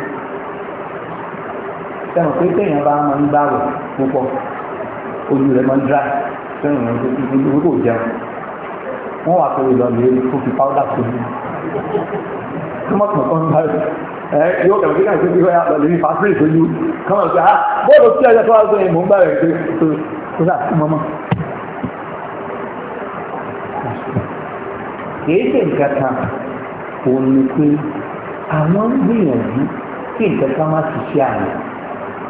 sẹ́wọ̀n pé téèyàn bá máa ń gbààwẹ̀ púpọ̀ ojú rẹ̀ máa ń dra sẹ́wọ̀n rẹ̀ tó kò jẹun wọ́n wà pé ìlọ́ọ̀lẹ́ kó fi pàwọ́dà kọ́mọ̀tàn kan sáré ẹ yóò kẹ̀kẹ́ náà ṣe fi wáyà lọ́lẹ̀ ní fásitì ìṣojú kọ́mọ̀ sí ah bọ́ọ̀lù tí ẹjọ́ tó wá sọ yẹn mò ń bá rẹ̀ pé tó tó sà sí mọ́mọ́. kìí ṣe nǹkan kan òun ni pé àwọn ń gbìyànjú kí nǹkan kan má ṣiṣẹ́ àná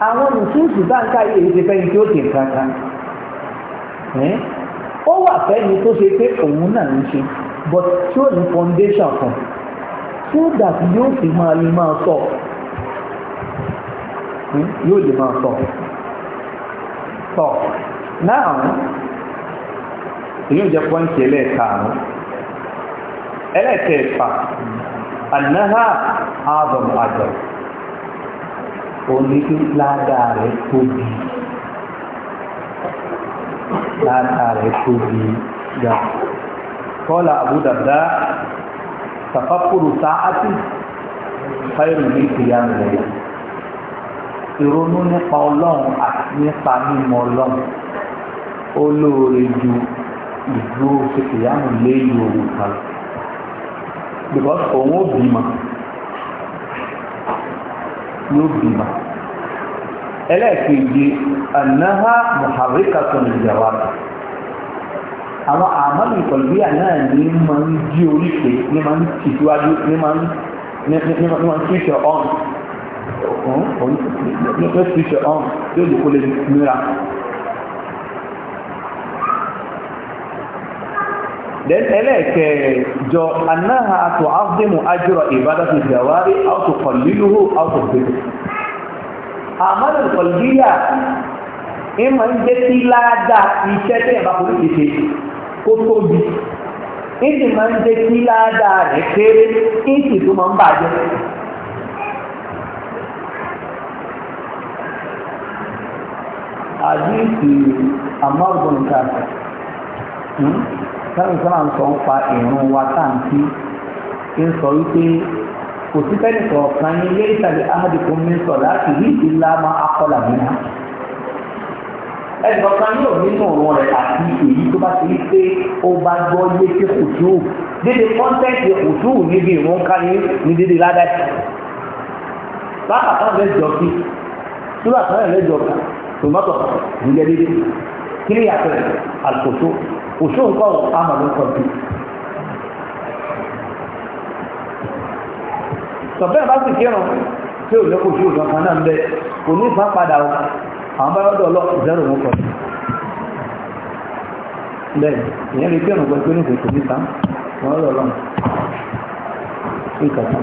àwọn nùsùsù báńkà yìí ti fẹ́ni tí ó ti nǹkan kan ó wà fẹ́ni tó ṣe pé òun náà but tí ó foundation fún tó dàbí yóò fi máa lè máa sọ hmm? yóò lè máa sọ sọ náà èyí ò jẹ́ pọ́ǹtì ẹlẹ́ẹ̀karùn-ún ẹlẹ́ẹ̀kẹfà ànáhà ààbọ̀n àjọ òní tí ládàá rẹ̀ tóbi ládàá rẹ̀ tóbi gbà kọ́lá Abu Darda tàfàkùrù sáàtì fáìrù ní ìyá rẹ̀ ìrònú nípa ọlọ́run àti nípa mímọ̀ ọlọ́run olóore ju ìdúró ṣe ìyáàmù lẹ́yìn kan because òun ó bímọ yóò bímọ ẹlẹ́ẹ̀kejì anaha muharrikatun ìjàwá kan àwọn àmọ́lù ìkọ̀lùbíyà náà ní máa ń di oríṣi ní máa ń tìsíwájú ní máa ń tíṣe ọ̀n ní ó tíṣe ọ̀n tí ó lè kó lè múra. then ẹlẹ́ẹ̀kẹjọ anáhà tó áfíìmù ájúrò ìbádàtì ìjàwárí àtòkọ̀lìlúhù àtòkọ̀lìlúhù àmọ́lù ìkọ̀lùbíyà ìmọ̀ ń jẹ́ sí ládàá iṣẹ́ tẹ́ ìbáfọ́ kó tóbi ìsì máa ń jẹ́ kí ládàá rẹ̀ kéré ìsì tó máa ń bàjẹ́. àdìsí àmọ́gbọ̀n nǹkan sẹ́yìn sọ́nà ń sọ ń pa ìrún wa táǹtí ń sọ wípé kò sí fẹ́nìkọ̀ọ̀kan ní ilé ìtàgé áhàdìkún mi sọ láti rí ìlà máa akọ́là nínú ẹnìkan yóò nínú ọ̀rọ̀ rẹ̀ àti èyí tó bá ti rí pé ó bá gbọ́ yé pé kò tó dédé kọ́ńtẹ́ǹtì kò tó níbi ìwọ̀n kárí ní dédé ládàá bákàtà rẹ̀ jọ sí túbà kan rẹ̀ lẹ́jọ kan tòmátò nílẹ̀ dédé kí ni yàtọ̀ àkóso kòso nǹkan amàlú kan bí. sọ̀bẹ́ẹ̀ bá sì kírun tí ò lẹ́kọ̀ọ́ sí òjò kan náà ń bẹ kò ní ìfá padà o àwọn bá lọ́dọ̀ lọ zero wọn kọ́ bẹ́ẹ̀ ìyẹn lè gbẹ̀rún gbọ́ pé ní ìfẹ́ kò ní sá wọn lọ́dọ̀ lọ́nà ní ìkàtà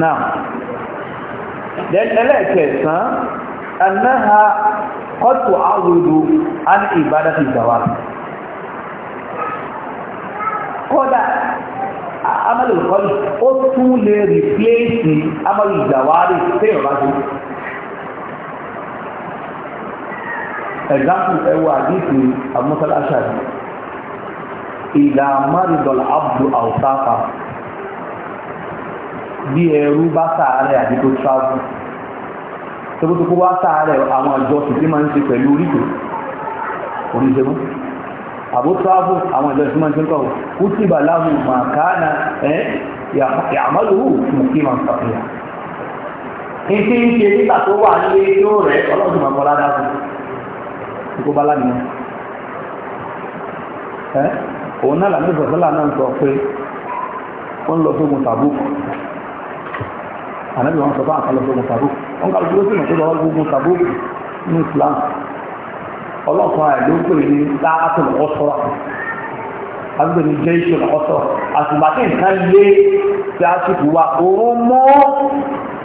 náà ẹlẹ́ẹ̀kẹ̀sán kọ́tù àwòrò àti ìbádà ti gbà àmàlù ìkọlù ó tún lè rìpléèsì àmàlù ìjàwárí tí ìrọ̀lá ti. ẹ̀dáàkù ẹwà àdìsí àmúṣáláṣà yìí ìdá márùndọ̀lá abdu àwùsáfà bí ẹrú bá sàárẹ̀ àdìgbò travel tókótókó wá sàárẹ̀ àwọn àjọ tìtì máa ń ṣe pẹ̀lú oríkèé oníṣẹ́ mọ́ àbó tíráàbù àwọn ìlọ ìsúnmọ́ tí ń kọ́ kú sí ìbàláhù màkánà ẹ́ ìyàmọ́lùwù mùkí máa ń sàfihàn ìdí ń ṣe nígbà tó wà nílé tó rẹ̀ ọlọ́dún máa kọ́lá dáàbò kó bá lámì ẹ́ òun náà làmì ìsọ̀sọ́là náà sọ pé ó ń lọ sógun tàbú ànábì wọn sọ fún àkàlọ́ sógun tàbú wọn kàlọ́ sógun tàbú ní Islam ọlọ́pàá ẹ̀ ló ń pè ní láàtún ọ̀sọ́rọ̀ àgbẹ̀ ní jẹ́ ìṣòro ọ̀sọ́rọ̀ àtùgbà tí nǹkan lé tí a ti kù wa òun mọ́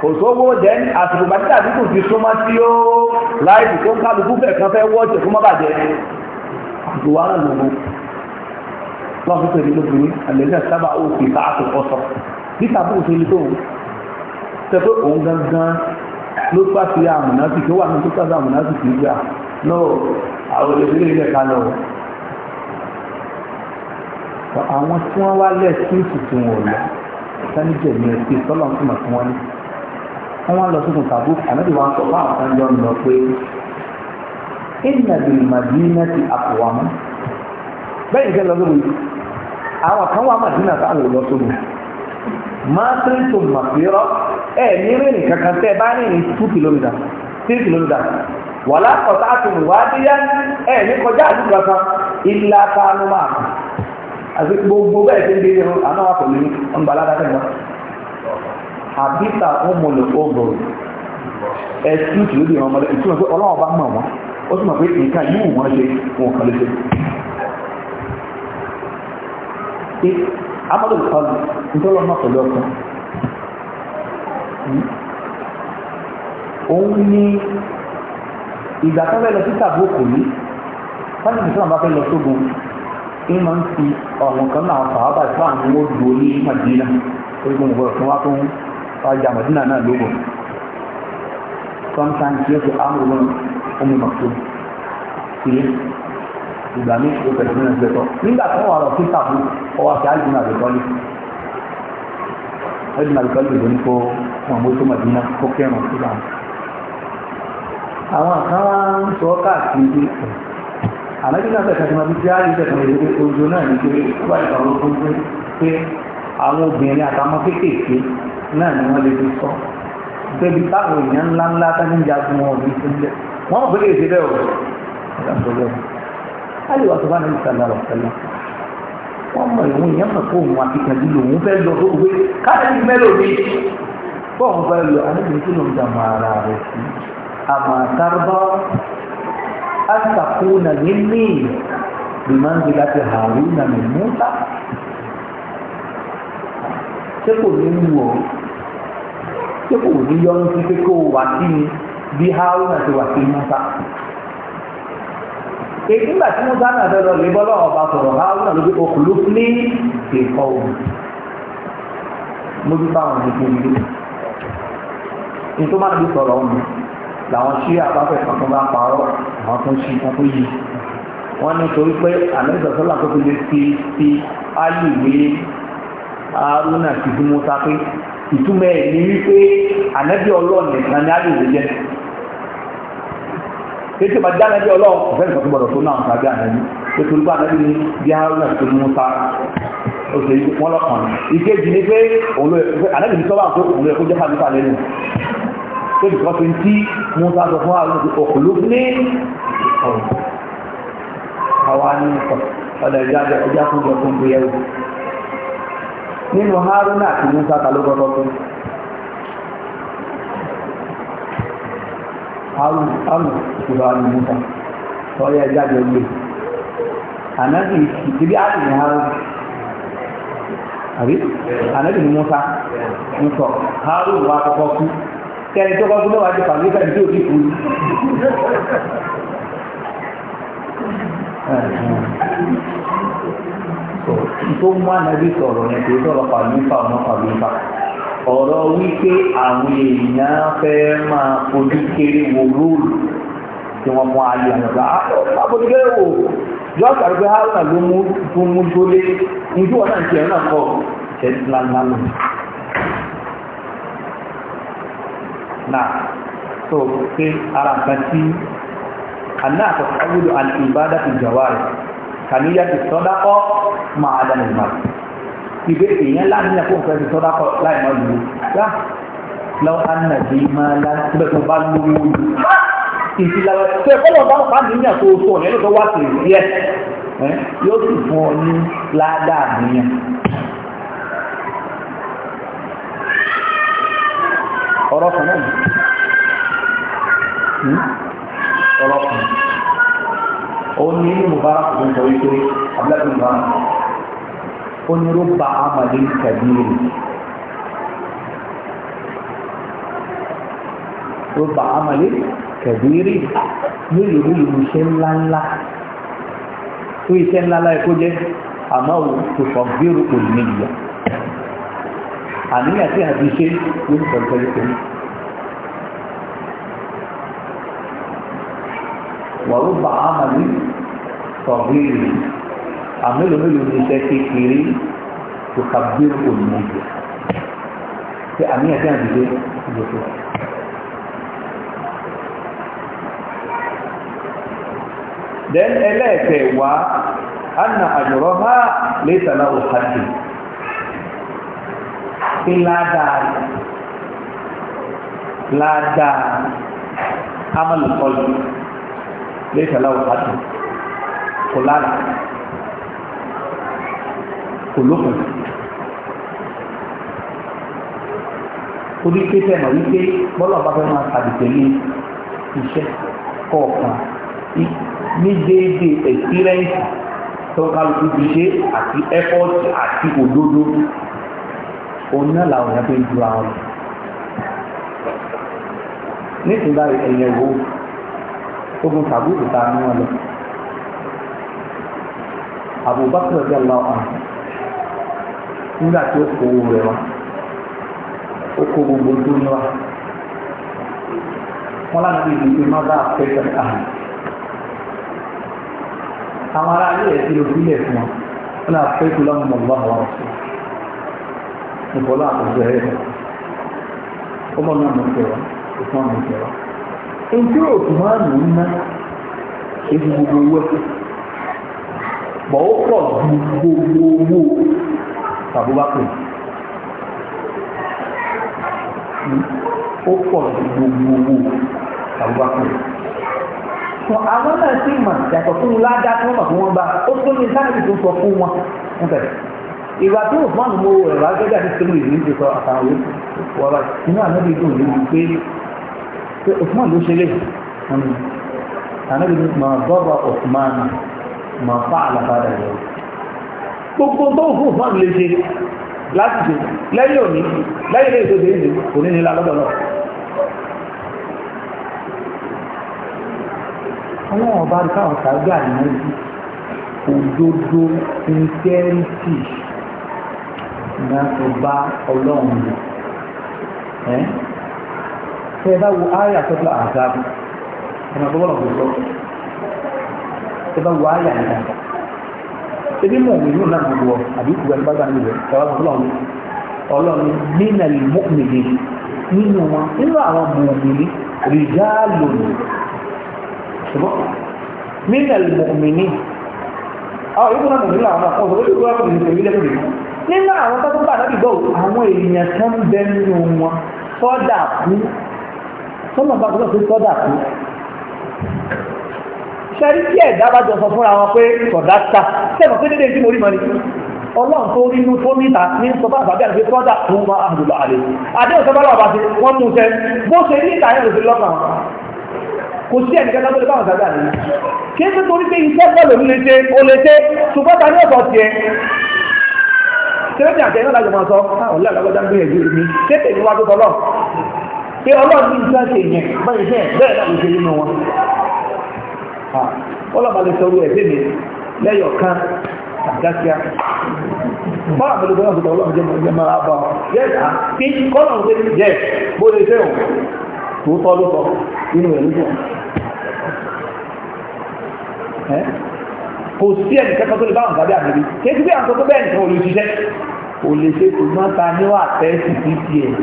òṣòwò jẹ́ àtùgbà bá tí àdúgbò ti súnmọ́ sí ó láìsí tó ń kálukú bẹ̀ kan fẹ́ wọ́ọ̀tì fún mọ́bàjẹ́ àtùwà náà lòun lọ́n fi pèrè lóbìnrin àlẹ́lẹ́ sábà ó fi láàtún ọ̀sọ́ bí tàbí òṣèlú tó ń tẹ́ pé òun gangan ló gbà àmùnásì tó wà ní tó tàbí àmùnásì tó gbà no àwọn olùdílé ilẹ̀ ká lọ àwọn tí wọ́n wá lẹ́sìn tuntun wò lọ sani jẹ̀mí ẹ̀sìn sọ́lọ́ ń túmọ̀ sí wọn ní wọ́n wá lọ sókun tàbú ànábì wọn sọ fáwọn kan jọ ń lọ pé ìnàbì màdínà ti àpòwámú bẹ́ẹ̀ ni kẹ́ lọ sókun yìí àwọn kan wà màdínà táwọn ò lọ sókun máa tẹ́ tó màfírọ́ ẹ̀ ní rìnrìn kankan tẹ́ bá rìnrìn two kilometres three kilometres wàlá kọ̀tà àtùmù wá dé yá ẹ̀ ní kọjá àdúgbò kan ilé akáánú máa kù àti gbogbo bẹ́ẹ̀ ti ń gbé irun àná wa kò ní ọ̀nbàládà fẹ́ wọn. àbíta ọmọlẹ̀ ọgọ̀ ẹtú tí ó di ìran ọmọlẹ̀ ìtumọ̀ pé ọlọ́wọ́ bá mọ̀ wọn ó túmọ̀ pé nǹkan yìí wọ́n ṣe wọn kàn lè ṣe. pé amadu kọlu nítorí ọmọ pẹ̀lú ọkàn hmm? òun ní ìgbà tó fẹ́ lọ sí tàbókò yìí fásitì sọ́nà bá fẹ́ lọ sógun ní máa ń fi ọ̀rùn kan náà sàábà ìsìláà ní wọ́n dùn ní Madina orí gbogbo ọ̀rọ̀ tó wá fún ọjà Madina náà lógo sometimes yóò fi amúrún omi màtó sílé ìgbà mi yóò fẹ̀sẹ̀ nínú ẹgbẹ́ tọ́ nígbà tó wà lọ sí tàbó ọwọ́ àti àìsàn àbẹ̀kọ́lé àìsàn àbẹ̀kọ́lé ìlú ní kó wọn mú tó Madina kó kẹrùn-ún sílẹ̀ àwọn kan wá ń sọ káàkiri ànábì náà tẹ̀ka tí wọ́n ti já ní tẹ̀ka ìwé ojú náà ní pé wọ́n ti sọ̀rọ̀ fún pé pé àwọn obìnrin àtàwọn kéékèèké náà ni wọ́n lè fi sọ débi táwọn èèyàn ńlá ńlá tẹ́lẹ̀ ń jagun wọn ní sílẹ̀ wọ́n mọ̀ pé lè ṣe bẹ́ẹ̀ o ẹ̀ka sọ bẹ́ẹ̀ alẹ́ wa sọ fún ànábì sàlá rọ̀ sẹ́lá wọ́n mọ̀ ìwọ̀n èèyàn mọ̀ pé òun àtìkàndí lòun fẹ́ lọ tó gbé káàdì mẹ́lòmí bọ́ọ̀ Ama ترضى أن تكون مني بمنزلة هارون من موسى ṣé kò ní wù ọ́ ṣé kò ní yọnu sí pé kó wà sí mi bí Haruna ti wà sí Musa èyí nígbà tí Musa náà fẹ́ lọ lè bọ́ lọ́wọ́ ọba sọ̀rọ̀ Haruna ló fi okùnlù ní ìkọ́ òun mójútó àwọn ìdíje ìlú nítorí máa ń bí sọ̀rọ̀ ọ̀hún làwọn tí àpapẹ̀ kankan bá parọ́ àwọn tó ń ṣe nǹkan tó yí wọ́n ní torí pé àlẹ́sọ̀sọ́là tó fi lè fi fi áyùwé arúnà ti fún mọ́ta pé ìtumọ̀ ẹ̀ ní wípé ànábì ọlọ́ọ̀ nìkan ní áyùwé jẹ́ tètè ma dá nàbí ọlọ́run ọ̀fẹ́ nìkan tó gbọdọ̀ tó náà nǹkan bí ànábì tó torí pé ànábì ní bí arúnà ti fún mọ́ta oṣù wọn lọ́kàn ìkejì ni pé ànábì ní sọ́wọ́n àti òun lè kó jẹ́ fàmífà lẹ́nu tó lè kọ́ fi ń tí mo sá sọ fún àwọn òkùnló ní ọ̀rọ̀ àwa ní ọ̀pọ̀ ọ̀dà ìjáde ẹja fún ìjọ fún ìgbéyàwó nínú Haruna àti Musa ta ló kọ́kọ́ fún Haruna ìṣòro àti Musa ọ̀rẹ́ ẹja jẹ gbé ànábì ìdíbí àti ní Haruna àbí ànábì ní Musa ń sọ Haruna wà kọ́kọ́ fún kẹrin tó kọ́kọ́ mẹ́wàá ti pàmí fẹ́ẹ̀ tí ò ti kú ni. tó mú ànábì sọ̀rọ̀ yẹn kò sọ̀rọ̀ pàmí fà ọmọ pàmí fà ọ̀rọ̀ wípé àwọn èèyàn fẹ́ máa fojú kéré wo róòlù tí wọ́n mú ayé ọ̀gá àbójúlé wò yọ àgbàdo pé hàrùnà ló mú tó mú tó lé nítorí wọn náà náà kọ́ ìṣẹ́ ńláńlá lónìí. náà tó pé ara nǹkan tí anáàtọ̀ awúlò àlìbádà ìjọwárì kàníyà ti sọ́dákọ́ máa dánù ìmọ̀ ìgbé èèyàn láàrin ẹ̀kọ́ nǹkan ti sọ́dákọ́ láì mọ́ lùú yá lọ́wọ́ anàdé máa lára tó bẹ́ẹ̀ tó bá lówó lù ìfìlàwẹ̀ tó ẹ̀kọ́lọ̀ bá ọ̀rọ̀ kan náà ní hmm? ọ̀rọ̀ kan ó ní inú mubarak tó ń sọ wípé abúlé mubarak ó ní ló ba amadi kàdíyè ló ba amadi kàdíyè mélòó mélòó iṣẹ́ ńláńlá tó iṣẹ́ ńláńlá ẹ̀kọ́ jẹ́ àmọ́ òṣùṣọ́ gbèrú òní nìyẹn àníyàn tí àbí ṣe ló ń sọ̀rọ̀ pẹ̀lú pẹ̀lú. wọ́n bá àmà ní sọ̀rọ̀ àmélòó mélòó ní iṣẹ́ kékeré tó ka gbé òní ìgbà tí àníyàn tí àbí ṣe ló tó. then ẹlẹ́ẹ̀kẹ̀ wá anna àjọ̀rọ̀ ha lè tàlà òhàjì pé ládàá ládàá amọ̀lùkọ́lù lẹ́sẹ̀ láwùjọ àti kò lára kò lókun orí pété mọ̀ wípé bọ́lá ọba fẹ́ máa tàbíkẹ́ ní iṣẹ́ kọ̀ọ̀kan ní déédéé ẹ̀sírẹ́ǹsì tó kálukú ti ṣe àti ẹ́fọ́ọ̀tì àti òdodo òun náà làwọn èèyàn fi ń dúró àwọn nísìnyí báyìí ẹ̀yìn ẹ̀wò ogun tàbúrò ta ni wọ́n lọ Abubakar ọjọ́ lọ́wọ́ àwọn nígbà tí ó kó owó rẹ̀ wá ó kó gbogbo tó ní wa wọn lànà bíi ìdíje má bá àpẹẹrẹ àná àwọn ará ẹ̀ ti lò sílẹ̀ fún wọn wọn làpẹẹrẹ lọ́mọ lọ́wọ́ àwọn ọ̀ṣun nìkọ́lá àtúnṣe rẹ̀ ọmọ náà mọ̀ tẹ̀wá ìfọ́n mọ̀ tẹ̀wá èyí ò tún máa nù ń ná èyí gbogbo owó ẹ̀ bọ̀ ó pọ̀ ju gbogbo owó tàbí bá pè ó pọ̀ ju gbogbo owó tàbí bá pè sọ àwọn náà sì mà yàtọ̀ fún ládàá tí wọ́n mọ̀ fún wọn bá ó tó ní sáà tó sọ fún wọn ìgbà tó fọ́ọ̀nù mo ẹ̀rọ agbẹ́jà ní sẹ́mu ìlú ti sọ àtàwọn yòókù wọ́n bá inú ànábì dùn ní wípé pé Usman ló ṣe lè wọn ànábì ní mà bọ́ọ̀bà Usman mà fà àlàbàdà yẹn gbogbo bọ́ọ̀ fún Usman lè ṣe láti ṣe lẹ́yìn òní lẹ́yìn lẹ́yìn tó ṣe ìlú kò ní nílá lọ́dọ̀ náà àwọn ọba káwọn sáré àná yìí òdodo sincerity náà tó bá ọlọ́run lò ẹ́ tẹ́ ẹ bá wo ayé àtọ́jú àzáàbù ẹ̀mọ̀ tó bọ́lọ̀ kò sọ tẹ́ bá wo ayé àyẹ̀dá ebi mọ̀ mi nínú náà gbogbo àbí ìgbà tó bá gbà níbẹ̀ tẹ́wà tó lọ́wọ́ ọlọ́run nínà lè mú mi lè nínú wọn nínú àwọn mọ̀mìnì rìjáàlù ṣùgbọ́n nínà lè mọ̀mìnì àwọn ìgbà mọ̀mìnì làwọn akọ́ṣọ́ lórí ìgbà mọ̀mìnì nínú àwọn tó tún bá ànábì gbọ́ àwọn èèyàn tó ń bẹ nínú wọn sọ́dà kú sọ́nà bá gbọ́dọ̀ pé sọ́dà kú sẹ́rí tí ẹ̀dá bá jọ sọ fúnra wọn pé sọ̀dá ta sẹ́nà pé dédé tí mo rí mọ́ ni ọlọ́run tó rí inú tó níta ní sọ bá àbábí àti sọ́dà tó ń bá àlè àdéhùn sọ́dà lọ́wọ́ bá ti wọ́n mú sẹ́ bó ṣe ní ìta yẹn lòdì lọ́kàn kò sí ẹnìkan lábẹ́lẹ́ báwọn sàgbà ní kí n tó torí pé iṣẹ́ pẹ̀lú lè ṣe o lè ṣe ṣùgbọ́n ta ní ọ̀pọ̀ tiẹ̀ tẹ́lẹ̀dì àtẹ́ náà lájọmọ̀ sọ ah, ọ̀lá àlọ́gbọ́dá ń gbìyànjú mi tẹ́tẹ̀ ní wá tó tọ́lọ̀ pé ọlọ́run ní ìjọ ṣe yẹn bẹ́ẹ̀ bẹ́ẹ̀ bẹ́ẹ̀ náà ló ṣe nínú wọn ah, ọlọ́ba lè sọ owó ẹ̀fẹ́ mi lẹ́yọ̀ kan àdáṣíá bọ́ọ̀lá mi ló bẹ́ẹ̀ tó tọ́lọ́ jẹ́ mọ́ máa bọ̀ yẹ́ kí kọ́nà ń gbé jẹ́ bó lè kò sí ẹnì kẹ́kọ̀ọ́ tó lè bá wọn tàbí àbẹ̀bí kéjì bí àǹtọ́ tó bẹ́ẹ̀ nìkan olùṣiṣẹ́ kò lè ṣe kò má ta níwà tẹ́sì sí tiẹ̀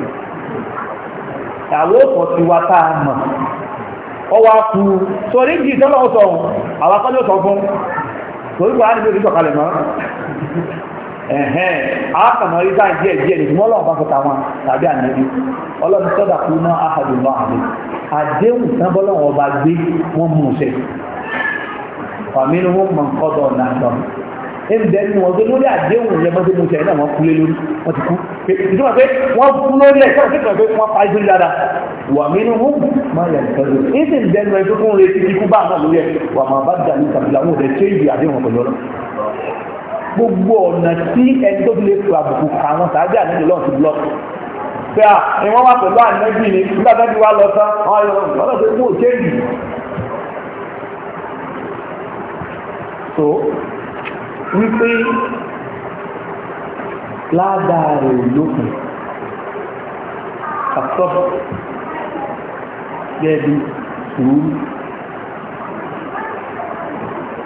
àwọn òkò ti wá tá a mọ̀ ọwọ́ akú sọ̀rọ̀ ìjì ìtọ́lọ́wọ́ sọ̀rọ̀ àwọn akọ́jọ́ sọ fún torí kò á nílò ìṣọ̀kalẹ̀ mọ́ ẹ̀hẹ́n àákàmọ̀ rí táà díẹ̀ díẹ̀ nìkan ọlọ́run bá fọta wọn tàbí ànábi ọlọ́run sọ́dà kú náà àhàdùn bá àdé àdéhùn tán bọ́lọ́run ọba gbé wọ́n mú un ṣe fàmínú wọn mọ̀ nkọ́dọ̀ nàdọ̀ ẹnìdẹ́ ni wọ́n tó lórí àdéhùn yẹn bọ́ sí mo tẹ̀lé náà wọ́n kúlé lórí wọ́n ti kú ìtumọ̀ pé wọ́n kú lórí ẹ̀ sọ́kọ̀ sípò pé wọ́n parí lórí dáadáa wà mí ní wọ́n má yà ní sọ́dọ̀ ní sì ń dẹnu ẹ̀ fún retí kíkú bá àwọn olóyè wà má bá dà ní kàbílà wọn ò lè ṣe ìdí àdéhùn pẹ̀lú ọlọ́ gbogbo ọ̀nà tí ẹni tó fi lè fi àbùkù kà wọn sàájà nínú lọ́ọ̀ wá pẹ̀lú ànábì ni nígbà tó ti wá lọ tán àwọn ọ̀rọ̀ tó kú òkè yìí tó wípé ládàá rẹ̀ lókun àtọ́ gẹ́bí sùúrù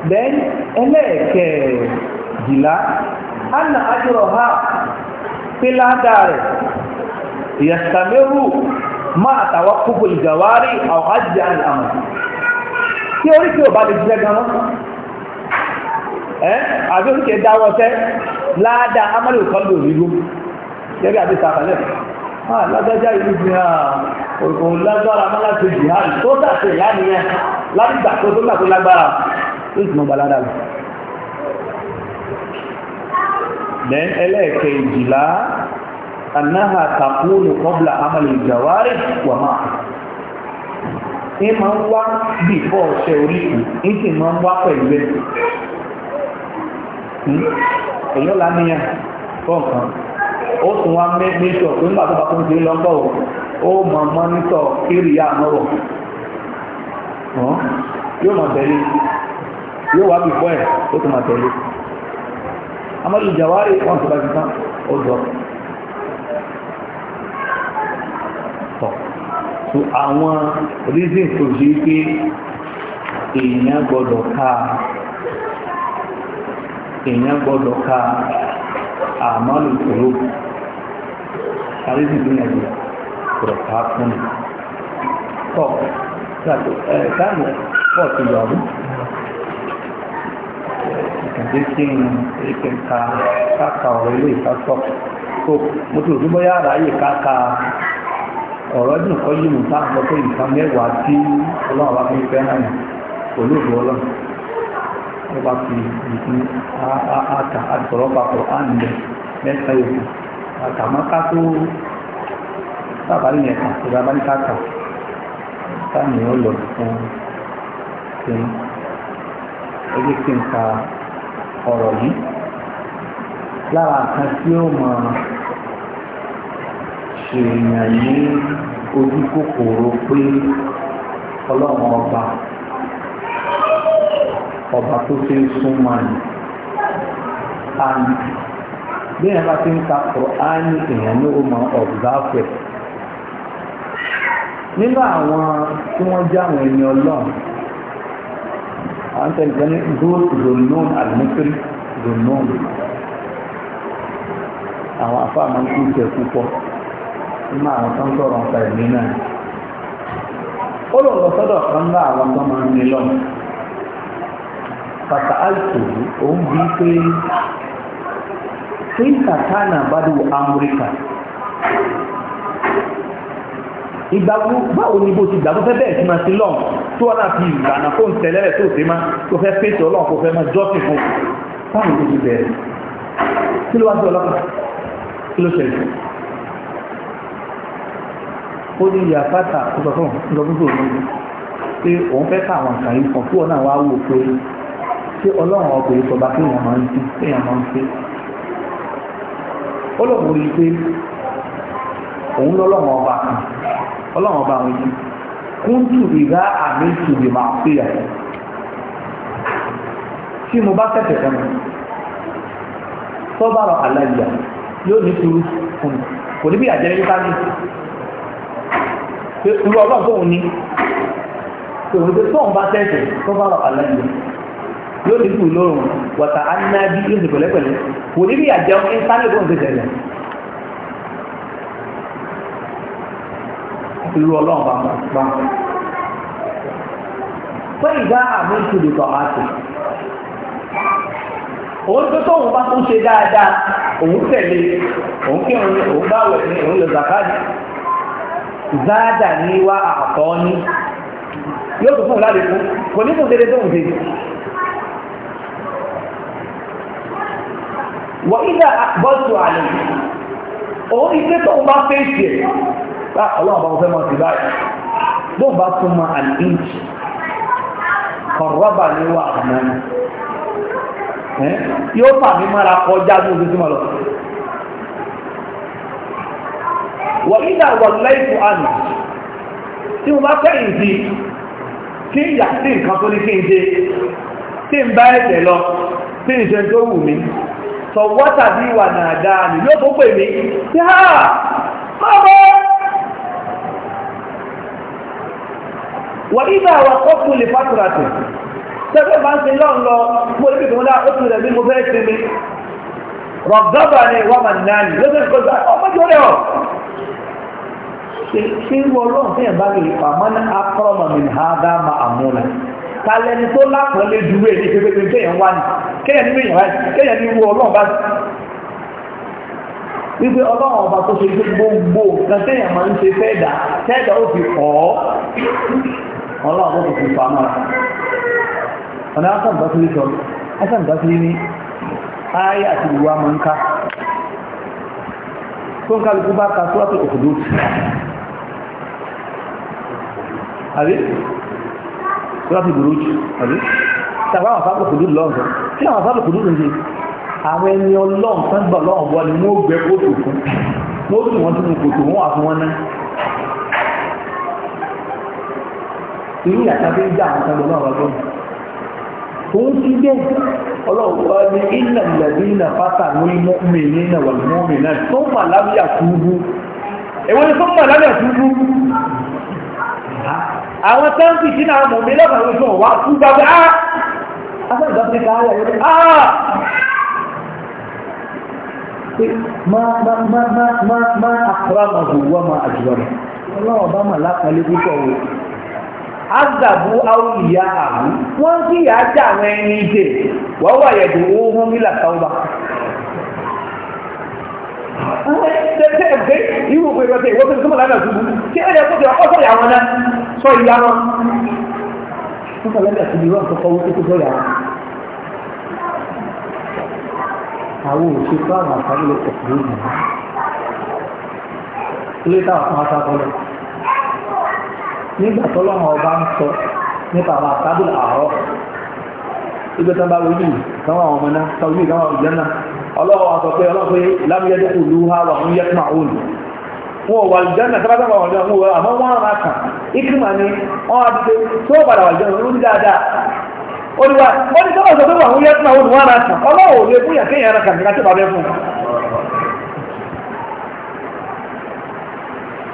bẹ́ẹ̀ ẹlẹ́ẹ̀kẹ́ẹ̀jìlá anna ajọ́rọ̀ ha pé ládàá rẹ̀ yàtàmẹ́rù máa tàwa kúkú ìjàwárí àwọn ajé àmì tí orí tí ò bá lè jẹ́ gan ẹ́ àbí oríṣi dáwọ́ sẹ́ láàdá amálù kan lò rí rú gẹ́gẹ́ àti sàkàlẹ̀ ah, lágbájá ìlú fi hàn ah, òun lágbára má láti jì hàn tó dàtí ìyá nìyẹn láti gbà tó tó gbà tó lágbára tó ìtumọ̀ gbà ládàá lọ. Then ẹlẹ́ẹ̀kejìlá annaha takunu qabla amali jawari wa ma ní máa ń wá bí ìfọ́ ọ̀ṣẹ́ oríkì ní èyí ọ̀la níyàn kọ̀ọ̀kan ó tún wá mẹ́ṣọ̀ pé nígbà tó bá tó ń ṣe lọ́gbọ̀ ó mọ̀ mọ́nítọ̀ kiri àmọ́rọ̀ yóò mọ̀ tẹ̀lé yóò wá bìfọ́ ẹ̀ ó tún mọ̀ tẹ̀lé jawari wọn tó bá ti tán ó tọ̀ tó àwọn tó pé èèyàn gbọ́dọ̀ èèyàn gbọ́dọ̀ ka àmọ́lù ìṣòro àrídìí ní ẹ̀yẹ gbọ́dọ̀ ká fún mi. tọ́ táàmù pọ̀ sí yọ ọdún ìkàndé kí n èké ka káka ọ̀rọ̀ ilé ìfásọ́ tó mo ti rò bóyá àráyè káka ọ̀rọ̀ ẹ̀dùn yìí mú táà ń lọ tí ọlọ́run bá fi ń fẹ́ràn olóògbé ọlọ́run tó bá fi ìdí àkà àtọ̀rọ̀ papọ̀ àǹdẹ̀ mẹ́ta yòókù àkàmọ́ká tó sábàárì yẹn kan tó bá ní káàkà táàmì ó lọ fún ṣe ẹgbẹ́ kí n ka ọ̀rọ̀ yìí lára kan tí ó mọ̀ ṣèèyàn ní ojú kòkòrò pé ọlọ́run ọba ọba tó ṣe é sún mọ́ and bí ẹ bá ti ń ka Kùránì èèyàn ní o máa ọ̀gáfù ẹ̀ nínú àwọn tí wọ́n jẹ́ àwọn ẹni ọlọ́run àwọn tẹ̀lifẹ̀ ní gold zonon alimokiri zonon àwọn afá máa ń kú jẹ ní lọ́nà fàtà àìsè òun bí pé kéńtà kánà badu amúríkà ìgbàgbọ́ báwo ni bó ti gbàgbọ́ fẹ́ bẹ́ẹ̀ sí máa ti lọ́n tó wọ́n náà fi ìlànà kó ń tẹ̀lé rẹ̀ tó ṣe má tó fẹ́ pèsè ọlọ́run kó fẹ́ máa jọ́sìn fún báwo ló ti bẹ̀rẹ̀ kí ló wá sí ọlọ́pàá kí ló ṣẹlẹ̀ ó ní ìyá pátá ọ̀sọ̀fún ọ̀sọ̀fún tó ní pé òun fẹ́ ká àwọn nǹkan kan kí wọ́n náà wá wò pé ṣé ọlọ́run ọkùnrin sọba pé èèyàn máa ń fi pé èèyàn máa ń fi ó lọ́wọ́ rí pé òun lọ́lọ́run ọba kan ọlọ́run ọba àwọn yìí kúntù ìdá àmì ìtùbí máa pè yà tí mo bá tẹ̀tẹ̀ kan sọ́bà rọ̀ àlàyé yóò ní turu fún mi kò ní bí àjẹrẹ́ yóò bá ní pé olú ọlọ́run tóun ní tòun tó tóun bá tẹ̀tẹ̀ sọ́bà rọ̀ àlàyé yóò ní kù lóòrùn wọ̀tà anábí yóò sì pẹ̀lẹ́pẹ̀lẹ́ kò ní bí àjẹun ní sáré bóun ti tẹ̀lẹ̀ irú ọlọ́run bá bá pé ìdá àmì ìṣòro kan á tẹ̀ òun tó tóun bá tún ṣe dáadáa òun tẹ̀lé òun kírun ní òun báwẹ̀ ní òun lè zakari záádà ní wá àtọ́ ní yóò tún fún un lálẹ́ fún kò ní kò tẹ́lẹ̀ tóun ṣe wọ́n ìdá àgbọ́tò àlè òun ní pé tóun bá fèsì ẹ̀ bá ọlọ́run bá wọn fẹ́ mọ́ sí báyìí bóun bá tún mọ àlìǹtì ọ̀rọ̀bà ni wà àmọ́ ni yóò fà mí mọ́ra kọjá ní ojú tí mo lọ. wọ́n ìdá wọ́n lẹ́yìn àná tí mo bá fẹ́yìn sí kí n yà sí nǹkan tó ní kí n ṣe tí n bá ẹ̀jẹ̀ lọ tí n ṣe tó wù mí sọ̀wọ́tà bí wà nàdáa nì yóò tó pè mí tí ha mọ́bọ́ wà nígbà wà kọ́kù lè fàtùràtù tẹ́fẹ́ máa ń se lọ́n lọ mú orí kìtìmọ́ dá oṣù rẹ̀ bí mo fẹ́ ṣe mi rọ̀gọ́bà ni wà mà náà nì lọ́sẹ̀ kọ́ sá ọmọ tí ó rẹ̀ ọ̀ ṣe ṣe ń wọ ọlọ́run talẹni tó lápọ̀lé dúró èdè pépépé kéèyàn wá ní kéèyàn nínú èèyàn báyìí kéèyàn nínú ọlọ́run báyìí wípé ọlọ́run ọba tó ṣe pé gbogbo nǹkan téèyàn máa ń ṣe fẹ́ẹ̀dá fẹ́ẹ̀dá ó fi kọ́ ọlọ́run tó fi fa mọ́ra ọ̀nà asan basiri sọ asan basiri ní ayé àti ìwà máa ń ká tó ń láti burú jù àbí tàbí àwọn sábà kùdú lọ́nà kí àwọn sábà kùdú nìyí àwọn ẹni ọlọ́run tán gbà lọ́wọ́ bọ́ ni wọ́n gbẹ kóòtù fún wọ́n tún wọn sínú kòtò wọn wà fún wọn náà irú ìyàtọ̀ fi ń dá àwọn sábà náà wà lọ́wọ́ òun ti dẹ́ ọlọ́wọ́ ni ilẹ̀ ìlẹ̀dí ilẹ̀ pátá lórí mọ́mí nínú wà mọ́mí náà tó mà lábíyà túbú èwo ni tó mà lábíyà túbú àwọn táǹkì sí náà mọ̀ mí lọ́pàá lóṣù wà kú gbàgbé á afẹ́gbà pé ká ayà yẹn á pé má má má má má má àkúrà mà azabu awo ìyá àbú wọn kí ìyá jà àwọn ẹni ìdè wọn wà yẹdù owó hún nílà sáwùbà ṣe ṣe sọ ìyá wọn fún kàlẹ́dà ti di wọn kọ́kọ́ wọ́n tó sọ ìyá wọn. àwọn òṣèlú àwọn àtàwọn ilé pọ̀ lórí ìlú ilé táwọn kan sá kọ́lẹ̀ nígbà tó lọ́wọ́ ọba ń sọ nípa àwọn àtàbí àárọ̀ ibi tó ń bá wọlé káwọn ọmọ náà káwọn ọmọ náà ọlọ́wọ́ àtọ̀pẹ́ ọlọ́pẹ́ lámúyẹ́dẹ́kù lù wá wà ń yẹ́kùn àwọn olùkọ́ wọn wà lùjánà sábàtà wà lùjánà wọn wà àmọ́ wọn àwọn akàn ìkìmà ni wọn á dìde tó padà wà lùjánà lórí dáadáa olùwà wọn ni sábà sọ pé àwọn yẹn tún àwọn olùwà ara kàn ọlọ́wọ́ ò lè fún yàtọ̀ yàrá kàn nígbà tí bàbá fún un.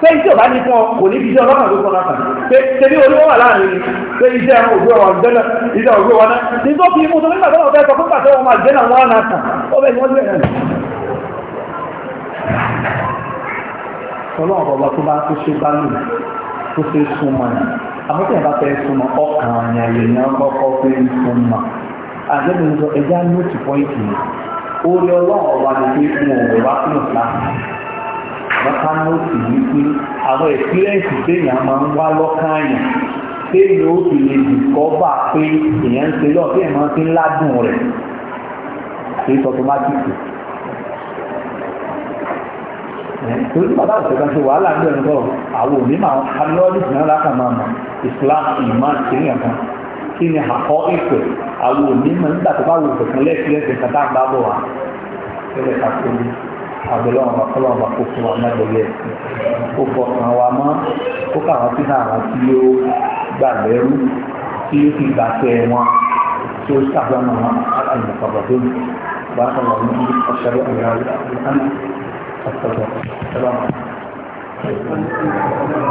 pé iṣẹ́ ọba ní fún ọ kò ní fi iṣẹ́ ọlọ́kàn tó kọ́nà kàn pé tẹ̀lé olówó wà láàrin ni pé iṣẹ́ àwọn òwe wà lùjánà iṣẹ́ òwe wà náà nítorí fi imú tó nígbà tó wọn fẹ́ sọ fún pàṣẹ wọn máa lùjánà wọn ọlọ́run ọba tó bá tó ṣe bá lù tó ṣe súnmọ́ ẹ̀ àbọ̀tẹ̀ bá fẹ́ súnmọ́ ọkàn àyàn èèyàn kọ́kọ́ fẹ́ súnmọ́ àgbẹ̀dẹ̀ ń sọ ẹja ní òtù pọ́ìntì yìí ó lé ọlọ́run ọba ní pé mo ò wá fún ìlànà bàtà ní òtù yìí pé àwọn ẹ̀sìlẹ̀sì téèyàn máa ń wá lọ́kàn àyàn téèyàn ó fi lè dìkọ́bà pé èèyàn ń ṣe lọ́ọ̀ Eh, torí bàbá àtẹ̀kan ṣe wàhálà ń bẹ̀rù bọ̀ àwọn òní máa alọ́ọ̀dìsì náà lákà máa mọ̀ Islam iman kéèyàn kan kí ni àkọ́ ìpè àwọn òní máa nígbà tó bá wò kẹ̀kẹ́ lẹ́sìn lẹ́sìn kàtà ń bá bọ̀ wá tẹ́lẹ̀ ká tó ní àbẹ̀lẹ̀ ọ̀nà kọ́lọ̀ ọ̀nà kó fún wa náà lọ́lẹ̀ ó fọkàn wa mọ́ ó kà wọ́n sínú àwọn tí ó gbà lẹ́rú tí ó fi gbà tẹ wọn tí ó ṣàgbọ́n wọn àlùmọ̀kọ̀bọ̀dọ́nù àtọ̀tọ̀ ẹ̀rọ